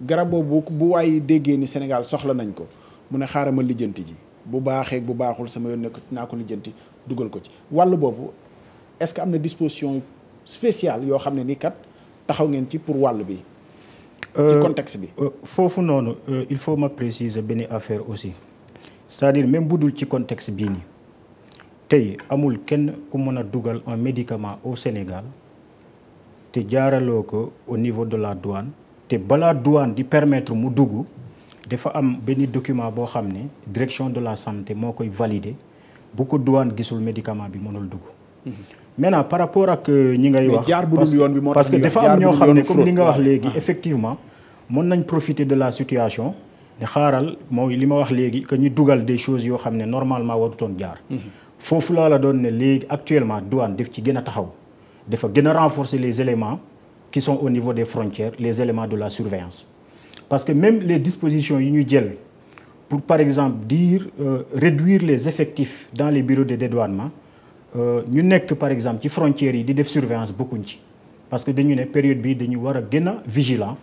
garab boobu bu waaye déggee ni Sénégal soxla nañ ko mu ne xaaral ma lijjanti ji bu baaxee bu baaxul sama yoon nekk naa ko lijjanti dugal ko ci wàll boobu est-ce que am na disposition spéciale yoo xam ne ni kat taxaw ngeen ci pour wàll bi. Euh, ci contexte bi. Euh, foofu noonu euh, il faut ma préciser benn affaire aussi c'est-à-dire même bu dul ci contexte bii nii tey amul kenn ku mën a dugal un médicament au Sénégal te jaaraloo ko au niveau de la douane. te balaa douane di permettre mu dugg dafa am benn document boo xam ne direction de la santé moo koy valider bu ko douane gisul médicament bi mënul dugg. maintenant par rapport ak euh, ñi ngay wax yoon bi moo parce que dafa am ñoo xam ne comme li nga wax léegi ah. effectivement mën nañ profiter de la situation. ne xaaral mooy li ma wax léegi que ñu dugal des choses yoo xam ne normalement warutoon jaar. Mhm. foofu laa la doon ne léegi actuellement douane def ci gën a taxaw dafa gën a qui sont au niveau des frontières les éléments de la surveillance parce que même les dispositions yi ñu jël pour par exemple dire euh, réduire les effectifs dans les bureaux de dédouanement euh, ñu nekk par exemple ci frontières yi di def surveillance bokkuñ ci parce que dañu ne période bi dañu war a gën a vigilant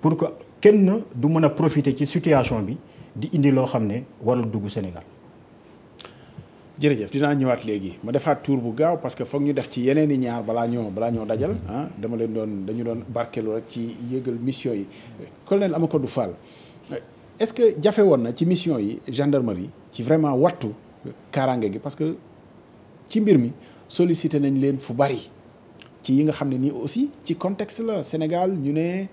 pour que kenn du mën a profiter ci situation bi di indi loo xam ne warul dugg Sénégal jërëjëf dinaa ñëwaat léegi ma defaat tour bu gaaw parce que foog ñu def ci yeneen i ñaar balaa ñoo dajal mm-hmm. ah dama leen doon dañu doon barkeelu rek ci yëgal mission yi ko leen ko du Fall est-ce que jafe woon na ci mission yi gendarmerie ci vraiment wattu kaaraange gi parce que ci mbir mi sollicité nañ leen fu bari ci yi nga xam ne nii aussi ci contexte la Sénégal ñu ne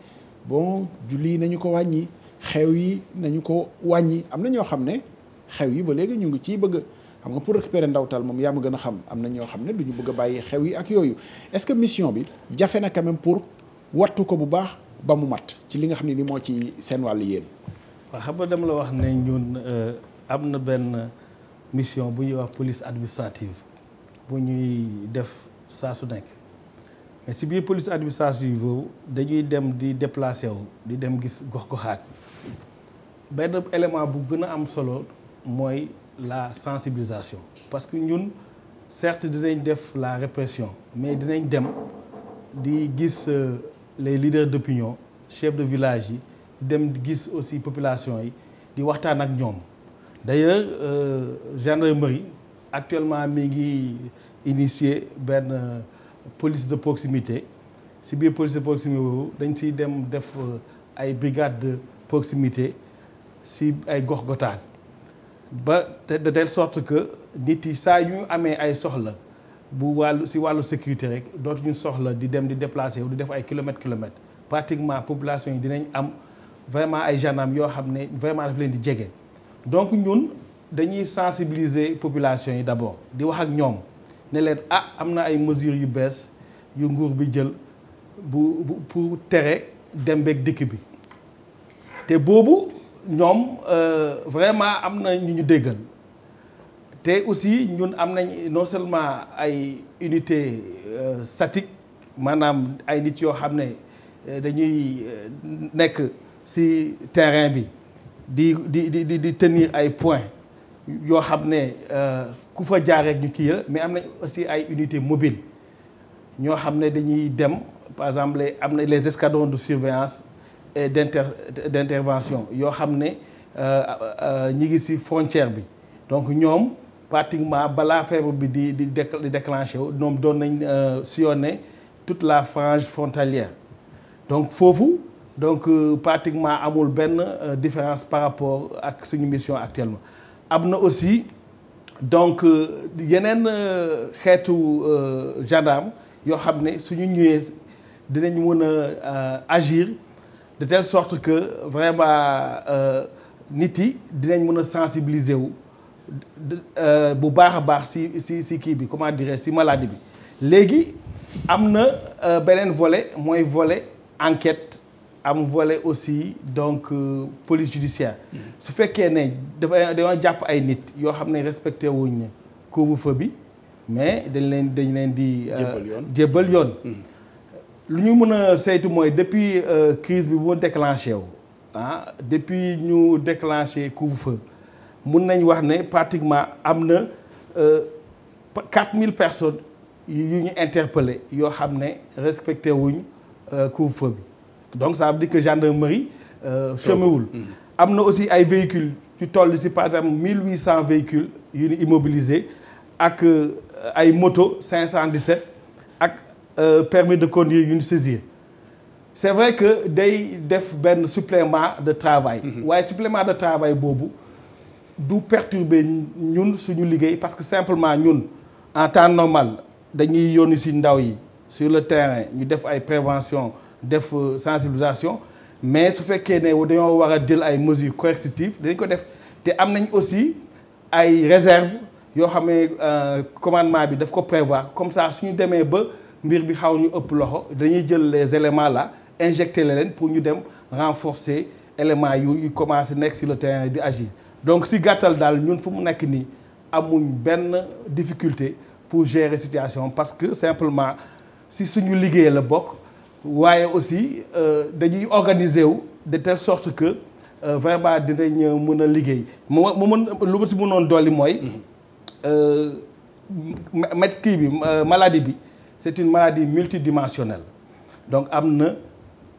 bon julli nañu ko wàññi xew yi nañu ko wàññi am na ñoo xam ne xew yi ba léegi ñu ngi ci bëgg xam nga pour récupérer ndawtal moom yaa ma gën a xam am na ñoo xam ne du ñu bëgg a bàyyi xew yi ak yooyu est-ce que mission bi jafe na kame pour wattu ko bu baax ba mu mat ci li nga xam ne nii moo ci seen wàll yéen. waa xam nga dama la wax ne ñun euh, am na benn mission bu ñuy wax police administrative bu ñuy def saa su nekk. mais si biir police administrative boobu dañuy dem di déplacé wu di dem gis gox goxaat benn élément bu gën a am solo mooy la sensibilisation parce que ñun certes dinañ def la répression mais dinañ dem di gis euh, les leaders d'opinion chef de village yi dem di gis aussi population yi di waxtaan ak ñoom d'ailleurs euh, gendarmerie actuellement mi ngi initier benn euh, police de proximité si biir police de proximité dañ siy dem def euh, ay brigade de proximité si ay gox gotaas ba te de telle sorte que nit yi saa yu ñu amee ay soxla bu wàllu si wàllu sécurité rek dootuñu soxla di dem di déplacé wu di def ay kilomètres kilomètres pratiquement population yi dinañ am vraiment ay gendarmes yoo xam ne vraiment daf leen di jege donc ñun dañuy sensibiliser population yi d'abord di wax ak ñoom ne leen ah am na ay mesures yu bees yu nguur bi jël bu pour tere dem beeg dikk bi te boobu. ñoom euh, vraiment am na ñu ñu déggal te aussi ñun am nañ non seulement ay unité euh, satique maanaam ay nit yoo xam ne euh, dañuy nekk ci terrain bi di di di di tenir ay points yoo xam ne ku fa jaaree ñu kii la mais am na aussi ay unité mobile ñoo xam ne dañuy dem par exemple am na les escadrons de surveillance et d'inter d'intervention yoo xam ne euh, euh, ñi ngi ci frontière bi donc ñoom pratiquement balaa feebar bi di di di déclenché wu ñoom doon nañ euh, sillonné toute la frange frontalière donc foofu donc pratiquement amul benn différence par rapport ak suñu mission actuellement am na aussi donc yeneen xeetu gendarme yoo xam ne suñu ñëwee dinañ mën a agir de telle sorte que vraiment euh, nit yi dinañ mën a sensibiliser wu euh, bu baax a baax si si si kii bi comment dire si maladie bi léegi am na euh, beneen vole mooy vole enquête am volet aussi donc police judiciaire mm-hmm. su fekkee ne dafa dañoo jàpp ay nit yoo xam ne respecté wuñ couvre-feu bi mais dañ leen dañ leen di jébbal yoon mm-hmm. lu ñu mën a saytu mooy depuis euh, crise bi bu déclenché wu ah depuis ñu déclenché couvre-feu mun nañ wax ne pratiquement am na euh, quatre mille personnes yu ñu interpellé yoo xam ne respecté wuñ euh, couvre-feu bi donc ça veut dire que gendarmerie chômewul oh, hmm. am na aussi ay véhicules ci toll si par exemple mille huit cent véhicules yu nu immobilisé ak ay moto cinq cent dix-sept ak Euh, permis de conduire yu ñu saisir c'est vrai que day def benn supplément de travail mhm. waaye supplément de travail boobu du perturber ñun suñu liggéey parce que simplement ñun en temps normal dañuy yónni si ndaw yi sur le terrain ñu def ay prévention def euh, sensibilisation mais su fekkee ne dañoo war a jël ay mesures coercitives dañ ko def te am nañ aussi ay réserve yoo xam ne euh, commandement bi daf ko prévoir comme ça suñu demee ba mbir bi xaw ñu ëpp loxo dañuy jël les éléments là injecté la leen pour ñu dem renforcer éléments yu yu commencé nekk sur le terrain di agir donc si gàttal daal ñun fu mu nekk nii amuñ benn difficulté pour gérer situation parce que simplement si suñu liggéey la bokk waaye aussi euh, dañuy organiser wu de telle sorte que euh, vraiment dinañ mun a liggéey mu mu mën lu ma si mënoon dolli mooy. métti mm-hmm. euh, kii bi maladie bi. c'est une maladie multidimensionnelle donc am na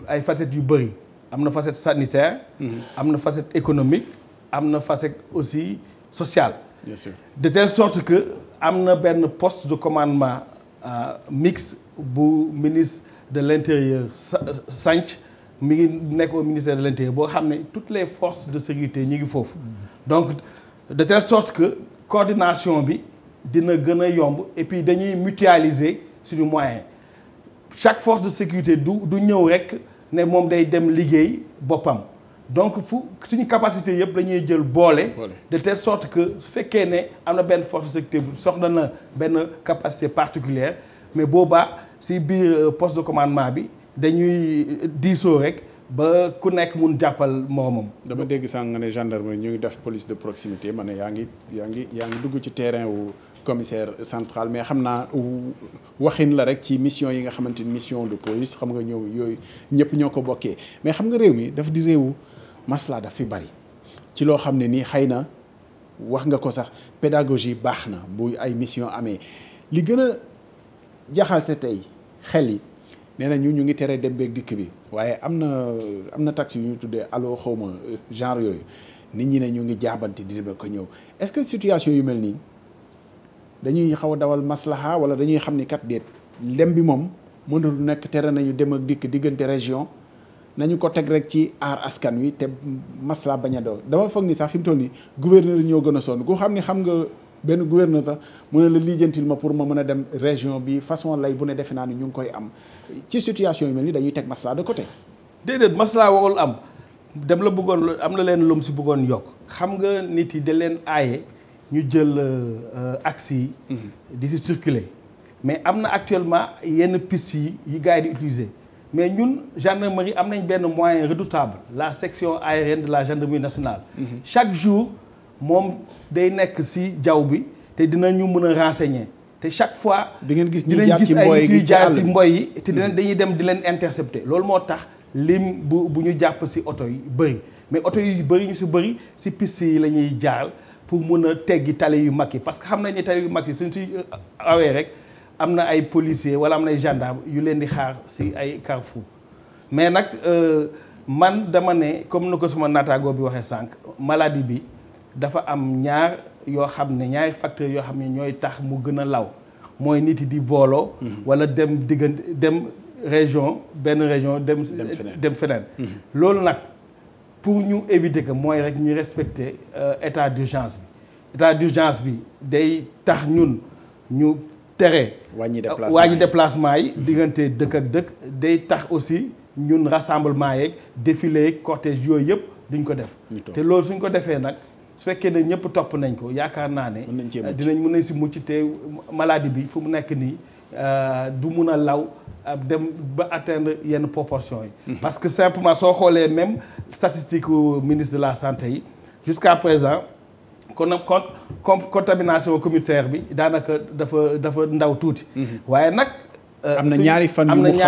ay facettes yu bëri am na facette sanitaire mm-hmm. am na facette économique am na facette aussi sociale bien de telle sorte que am na benn post de commandement euh, mixte bu ministre de l'intérieur sanc mi ngi nekk au ministère de l'intérieur boo xam ne toutes les forces de sécurité ñu ngi foofu mm-hmm. donc de telle sorte que coordination bi dina gën a yomb et puis dañuy mutualiser suñu moyen chaque force de sécurité du du ñëw rek ne moom day dem liggéey boppam donc fu suñu capacité yëpp la jël boole de telle sorte que su fekkee ne am na benn force de sécurité bu soxla na benn capacité particulière mais boobaa si biir euh, poste de commandement bi dañuy euh, diisoo rek ba ku nekk mun jàppal moomam. dama dégg sànq nga ne gendarmerie ñu ngi def police de proximité ma ne yaa ngi yaa ngi yaa ngi dugg ci terrain wu commissaire central mais xam naa waxin la rek ci mission yi nga xamante ni mission de police xam nga ñëw yooyu ñëpp ñoo ko bokkee mais xam nga réew mi daf di réewu masla daf fi bari ci loo xam ne nii xëy na wax nga ko sax pédagogie baax na bu ay mission amee li gën a jaxal sa tey xel yi nee na ñu ñu ngi teree dem beeg dikk bi waaye am na am na taxi yu ñu tuddee allo xawma euh, genre yooyu nit ñi ne ñu ngi jaabante di dem ko ñëw est-ce que situation yu mel nii dañuy xaw a dawal maslaha wala dañuy xam ni kat déet dem bi moom mënul nekk tere nañu dem ak dikk diggante région nañu ko teg rek ci aar askan wi te masla bañ a doon dama foog ni sax fi mu toll nii gouverneur ñoo gën a sonn ku xam ni xam nga benn gouverneur sax mu ne la lijjantil ma pour ma mën a dem région bi façon lay bu ne defe naa ni ñu ngi koy am ci situation yu mel ni dañuy teg masla de côté. déedéet masla warul am dem la bëggoon am na leen lum si bëggoon yokk xam nga nit yi da leen aaye ñu jël euh, euh, axe yi. Mhm. di si circuler mais am na actuellement yenn piste yi yi gars yi di utiliser mais ñun gendarmerie am nañ benn moyen redoutable la section aérienne de la gendarmerie nationale. Mmh. chaque jour moom day nekk si jaww bi te ñu mën a renseigner te chaque fois. di ngeen gis ñuy jaar ci ay ñuy jaar si mboy yi te mhm. dinañ dañuy dem di leen intercepter loolu moo tax lim bu bu ñu jàpp si oto yi bëri mais oto yi bëri ñu si bëri si piste yi la ñuy jaar. pour mun a teggi tali yu mag yi parce que xam nañ ne tali yu mag yi suñ si euh, awee rek am na ay policiers wala am na ay gendarmes yu leen di xaar si ay carrefour mais nag euh, man dama ne comme nu ko suma naataango bi waxee sànq maladie bi dafa am ñaar yoo xam ne ñaari facteurs yoo xam ne ñooy tax mu gën a law mooy nit yi di booloo. Mm-hmm. wala dem diggante dem région benn région dem. dem feneen loolu nag. pour ñu éviter que mooy rek ñu respecter euh, état d'urgence bi état d'urgence bi day tax ñun ñu tere waa wàññi euh, déplacement yi diggante dëkk ak dëkk day tax aussi ñun rassemblement yeeg défilé yeeg cortège yooyu yëpp duñ ko def te loolu suñ ko defee nag su fekkee ne ñëpp topp nañ ko yaakaar naa ne euh, dinañ mën nañ si mucc te maladie bi fu mu nekk nii Euh, du mun a law euh, dem ba atteindre yenn proportion yi mhm. parce que simplement soo xoolee même statistique ministre de la santé yi jusqu'à présent kon kon contamination communautaire bi daanaka dafa dafa ndaw tuuti mhm. waaye nag euh, am na ñaari fan yu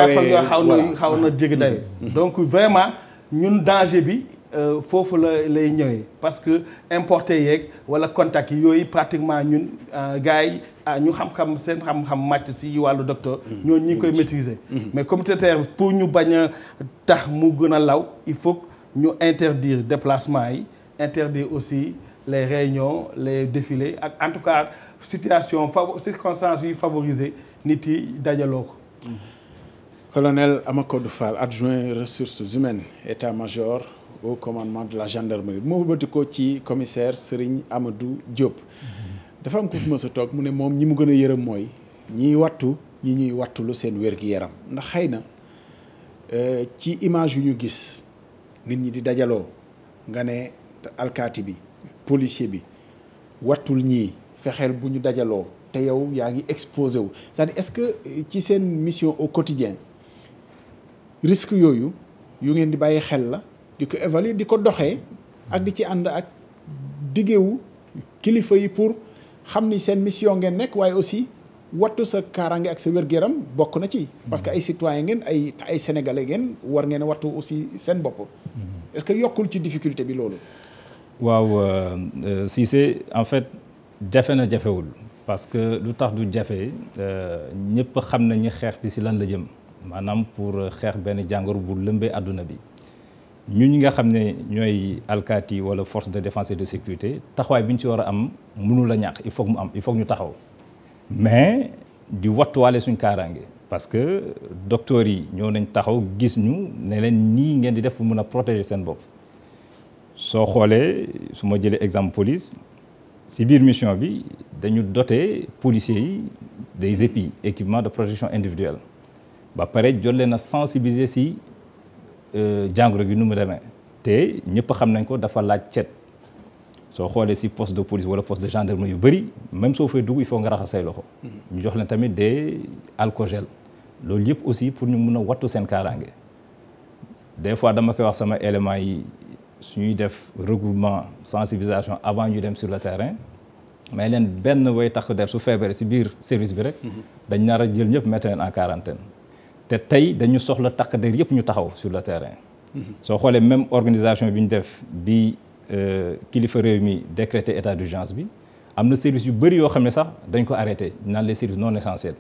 xaw na xaw na jéggi mhm. dayo donc vraiment ñun danger bi Euh, foofu la lay ñëwee parce que importé yeeg wala contact yooyu pratiquement ñun euh, gars yi ah, ñu xam-xam seen xam-xam màcc si wàllu docteur. Mm-hmm. ñoo ñu ngi koy mm-hmm. maîtriser. Mm-hmm. mais communauté terre pour ñu bañ a tax mu gën a law il faut ñu interdire déplacement yi interdire aussi les réunions les défilés ak en tout cas situation fav circonstances yi favoriser nit yi dajaloo ko. Colonel Amakodou Fall adjoint ressources humaines état-major. au commandement de la gendarmerie bu ma wëlbati ko ci commissaire Serigne Amadou Diop. dafa am ku fi mës toog mu ne moom ñi mu gën a yërëm mooy ñiy wattu ñi ñuy wattulu seen wér-gi-yaram ndax xëy na euh, ci image yu ñu gis nit ñi di dajaloo nga ne alkaati bi policier bi wattul ñi fexeel bu ñu dajaloo te yow yaa ngi exposé wu cest à est-ce que euh, ci seen mission au quotidien risque yooyu yu ngeen di bàyyi xel la di ko évaluer di ko doxee ak di ci ànd ak diggewu kilifa yi pour xam ni seen mission ngeen nekk waaye aussi wattu sa kaaraange ak sa wér gu bokk na ci. parce que ay citoyen ngeen ay ay sénégalais ngeen war ngeen wattu aussi seen bopp. Mm-hmm. est-ce que yokkul ci difficulté bi loolu. waaw euh, euh, Cissé en fait jafe na jafewul parce que lu tax du jafe euh, ñëpp xam nañu xeex bi si lan la jëm maanaam pour xeex benn jàngoro bu lëmbee àdduna bi. ñu ñi nga xam ne ñooy alkaati wala force de défense et de sécurité taxawaay bi ñu ci war a am munul a ñàkk il faut mu am il faut ñu taxaw mais di wattuwaale suñ kaaraange parce que docteurs yi ñoo nañ taxaw gis ñu ne leen nii ngeen di def pour mën a protéger seen bopp soo xoolee su ma jëlee exemple police si biir mission bi dañu doter policiers yi des EPI équipement de protection individuelle ba pare jot leen a sensibiliser si Euh, jàngoro gi nu mu demee te ñëpp xam nañ ko dafa laaj cet soo xoolee si poste de police wala poste de gendarmerie yu bëri même soo fay dugg il faut nga raxas say loxo. ñu jox leen tamit de alcogel loolu yëpp aussi pour ñu mun a wattu seen kaaraange des fois dama koy wax sama élément yi su ñuy def regroupement sensibilisation avant ñu dem sur le terrain mais leen benn way takk def su feebaree si biir service bi rek. Mhm. dañ nar a jël ñëpp mettre leen en quarantaine te tey dañu soxla takk der yëpp ñu taxaw sur le terrain. soo xoolee même organisation bi ñu def bi euh, kilifa réew mi décrété état d'urgence bi am na service yu bëri yoo xam ne sax dañ ko arrêté naan les services non essentiels.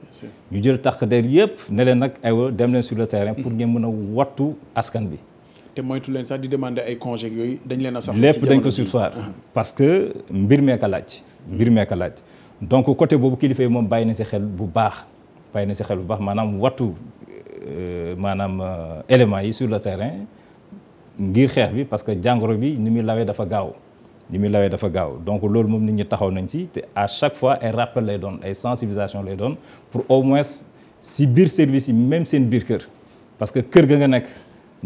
ñu jël takk der yëpp ne leen nag aywa dem leen sur le terrain. pour mm-hmm. ngeen mën a wattu askan bi. te moytu leen sax di demander ay congé yooyu dañ leen a soxla lépp dañ ko sursoir parce que mbir mee ka laaj. Mm-hmm. mbir mee ka laaj donc côté boobu kilifa yi moom bàyyi na si xel bu baax bàyyi na si xel bu baax maanaam wattu Euh, maanaam euh, élément yi sur le terrain ngir xeex bi parce que jàngoro bi ni muy lawee dafa gaaw ni muy lawee dafa gaaw donc loolu moom nit ñi taxaw nañ ci te à chaque fois ay rappel lay doon ay sensibilisation lay doon pour au moins si biir service yi même seen biir kër parce que kër ga nga nekk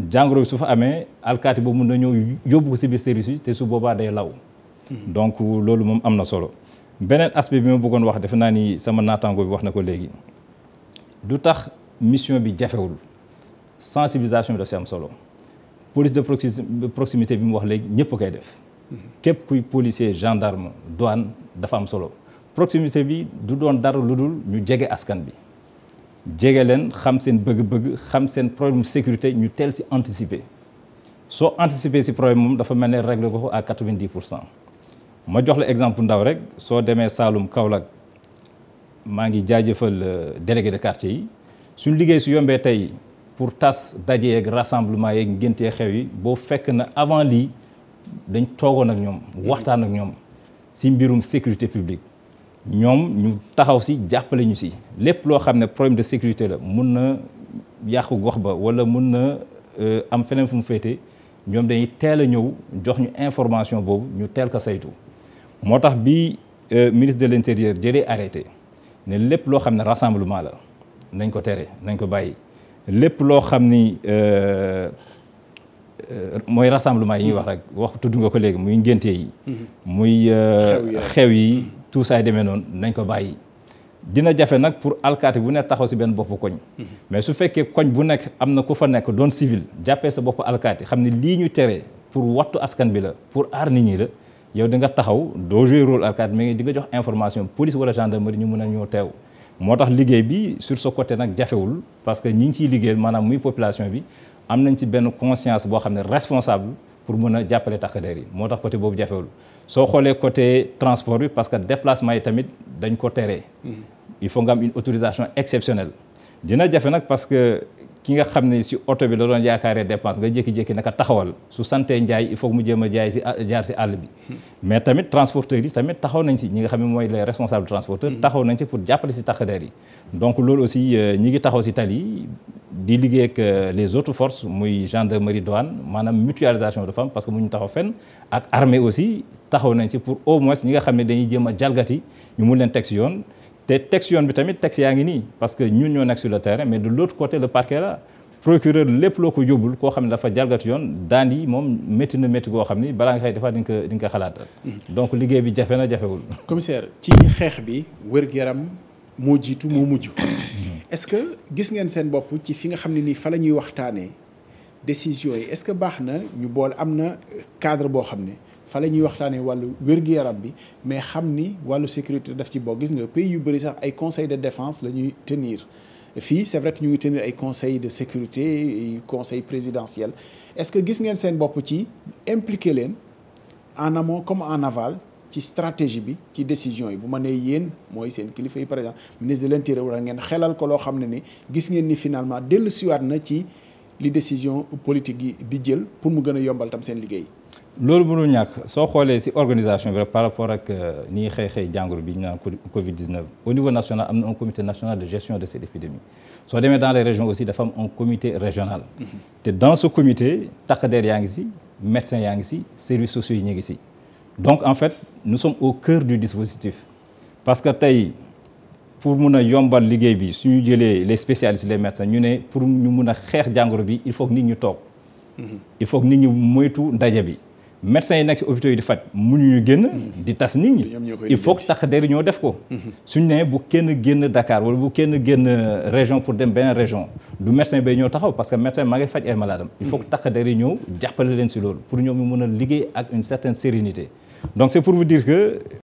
jàngoro bi su fa amee alkaati boobu mun na ñëw yóbbu ko si biir service yi te su boobaa day law hmm. donc loolu moom am na solo beneen aspect bi ma bëggoon wax defe naa ni sama naataango bi wax na ko léegi mission bi jafewul sensibilisation bi daf si am solo police de proximité bi mu wax léegi ñëpp koy def képp kuy policier gendarme douane dafa am solo proximité bi du doon dara lu dul ñu jege askan bi jege leen xam seen bëgg-bëgg xam seen problème sécurité ñu teel si anticiper soo anticiper si problème moom dafa mel ne réglé ko à quatre vingt pour cent ma jox la exemple ndaw rek soo demee Saalum Kaolack maa ngi jaajëfal euh, délégué de quartier yi suñ liggéey su yombee tey pour tas daje ak rassemblement yeeg ngéntee xew yi boo fekk na avant lii dañ toogoon ak ñoom waxtaan ak ñoom si mbirum sécurité publique ñoom ñu taxaw si jàppale ñu si lépp loo xam ne problème de sécurité la mun na yàqu gox ba wala mun na euh, am feneen fu mu féete ñoom dañuy teel a ñëw jox ñu information boobu ñu teel ko saytu moo tax bi euh, ministre de l' intérieur jëlee arrêté ne lépp loo xam ne rassemblement la nañ ko tere nañ ko bàyyi lépp loo xam ni euh, euh, mooy rassemblement yi ñuy wax rek wax tudd nga ko léegi muy ngénte yi. Mm-hmm. muy euh, xew yi tout ça demee noonu nañ ko bàyyi. dina jafe nag pour alkaati bu ne taxaw si benn bopp koñ. Mm-hmm. mais su fekkee koñ bu nekk am na ku fa nekk doon civil jàppee sa bopp alkaati xam ne lii ñu teree pour wattu askan bi la pour aar nit ñi la yow di nga taxaw doo jouer rôle alkaati mais di nga jox information police wala gendarmerie ñu mën a ñoo teew. moo tax liggéey bi sur ce côté nag jafewul parce que ñi ngi ciy liggéey maanaam muy population bi am nañ ci benn conscience boo xam ne responsable pour mun a jàppale takk der yi moo tax côté boobu jafewul soo xoolee côté transport bi parce que déplacement yi tamit dañ ko teree. Mmh. il faut nga am une autorisation exceptionnelle dina jafe nag parce que ki nga xam ne si oto bi la doon yaakaaree dépense nga jékki-jékki naka taxawal su santee njaay il faut mu jéem a jaay si jaar si àll bi mais tamit transporteurs yi tamit taxaw nañ si ñi nga xam ne mooy les responsables transporteurs hmm. taxaw nañ si pour jàppale si taxadeer yi donc loolu aussi euh, ñi ngi taxaw si tali di liggéey ak euh, les autres forces muy gendarmerie douane maanaam mutualisation de femmes parce que mu ñu taxaw fenn ak armée aussi taxaw nañ si pour au moins ñi nga xam ne dañuy jéem a jalgati ñu mun leen teg si yoon te texte yoon bi tamit texte yaa ngi nii parce que ñun ñoo nag sur le terrain mais de l'autre côté le parquet là procureur lépp loo ko yóbbul koo xam ne dafa jalgati yoon daan yi moom métti na métti goo xam ni balaa nga xëy dafa di ko di nga ko xalaat mm-hmm. donc liggéey bi jafe na jafewul. commissaire ci xeex bi wër gu yaram moo jiitu moo mujj mm-hmm. est-ce que gis ngeen seen bopp ci fi nga xam ne nii fa la ñuy waxtaanee décision yi est-ce que baax na ñu bool am na cadre boo xam ne. fale ñuy waxtaanee wàllu wér-gu-yaram bi mais xam ni wàllu sécurité def ci bokk gis nga pays yu bëri sax ay conseil de défence la ñuy tenir fii c'est vrai ñu ngi tenir ay conseil de sécurité conseil présidentiel est-ce que gis ngeen seen bopp ci impliqué leen en amont comme en aval ci stratégie bi ci décision yi bu ma nee yéen mooy seen kilifa yi par exemple ministre de l'intérieur war ngeen xelal ko loo xam ne ni gis ngeen ni finalement dellusiwaat na ci li décision politique yi di jël pour mu gën a yombal tam seen liggéey. loolu mënul ñàkk soo xoolee si organisation bi rek par rapport ak euh, ni ñuy xëy xëy jàngoro bi ñu naan Covid 19 au niveau national am na un comité national de gestion soo demee dans les régions aussi dafa am régional. Mm-hmm. te dans ce comité takk der yaa ngi ci médecins yaa ngi ci services sociaux yi ñu ngi ci. donc en fait nous sommes au cœur du dispositif parce que tey pour mun a yombal liggéey bi su ñu jëlee les spécialistes les médecins ñu ne pour ñu mun a xeex jàngoro bi il faut que nit ñu toog. Mm-hmm. il faut que nit ñu moytu ndaje bi. médecins yi nekk si hôpitaux yi di faj mënuñu génn. Mhm. di tas nit ñi il faut takk der ñoo def ko. Mhm. suñu nee bu kenn génn Dakar wala bu kenn génn euh, région pour dem beneen région du médecin bay ñëw taxaw parce que médecin maa ngi faj ay malade am. il faut que mhm. takk der ñëw jàppale leen si loolu pour ñoom ñu mën a liggéey ak une certaine sérénité donc c'est pour vous dire que.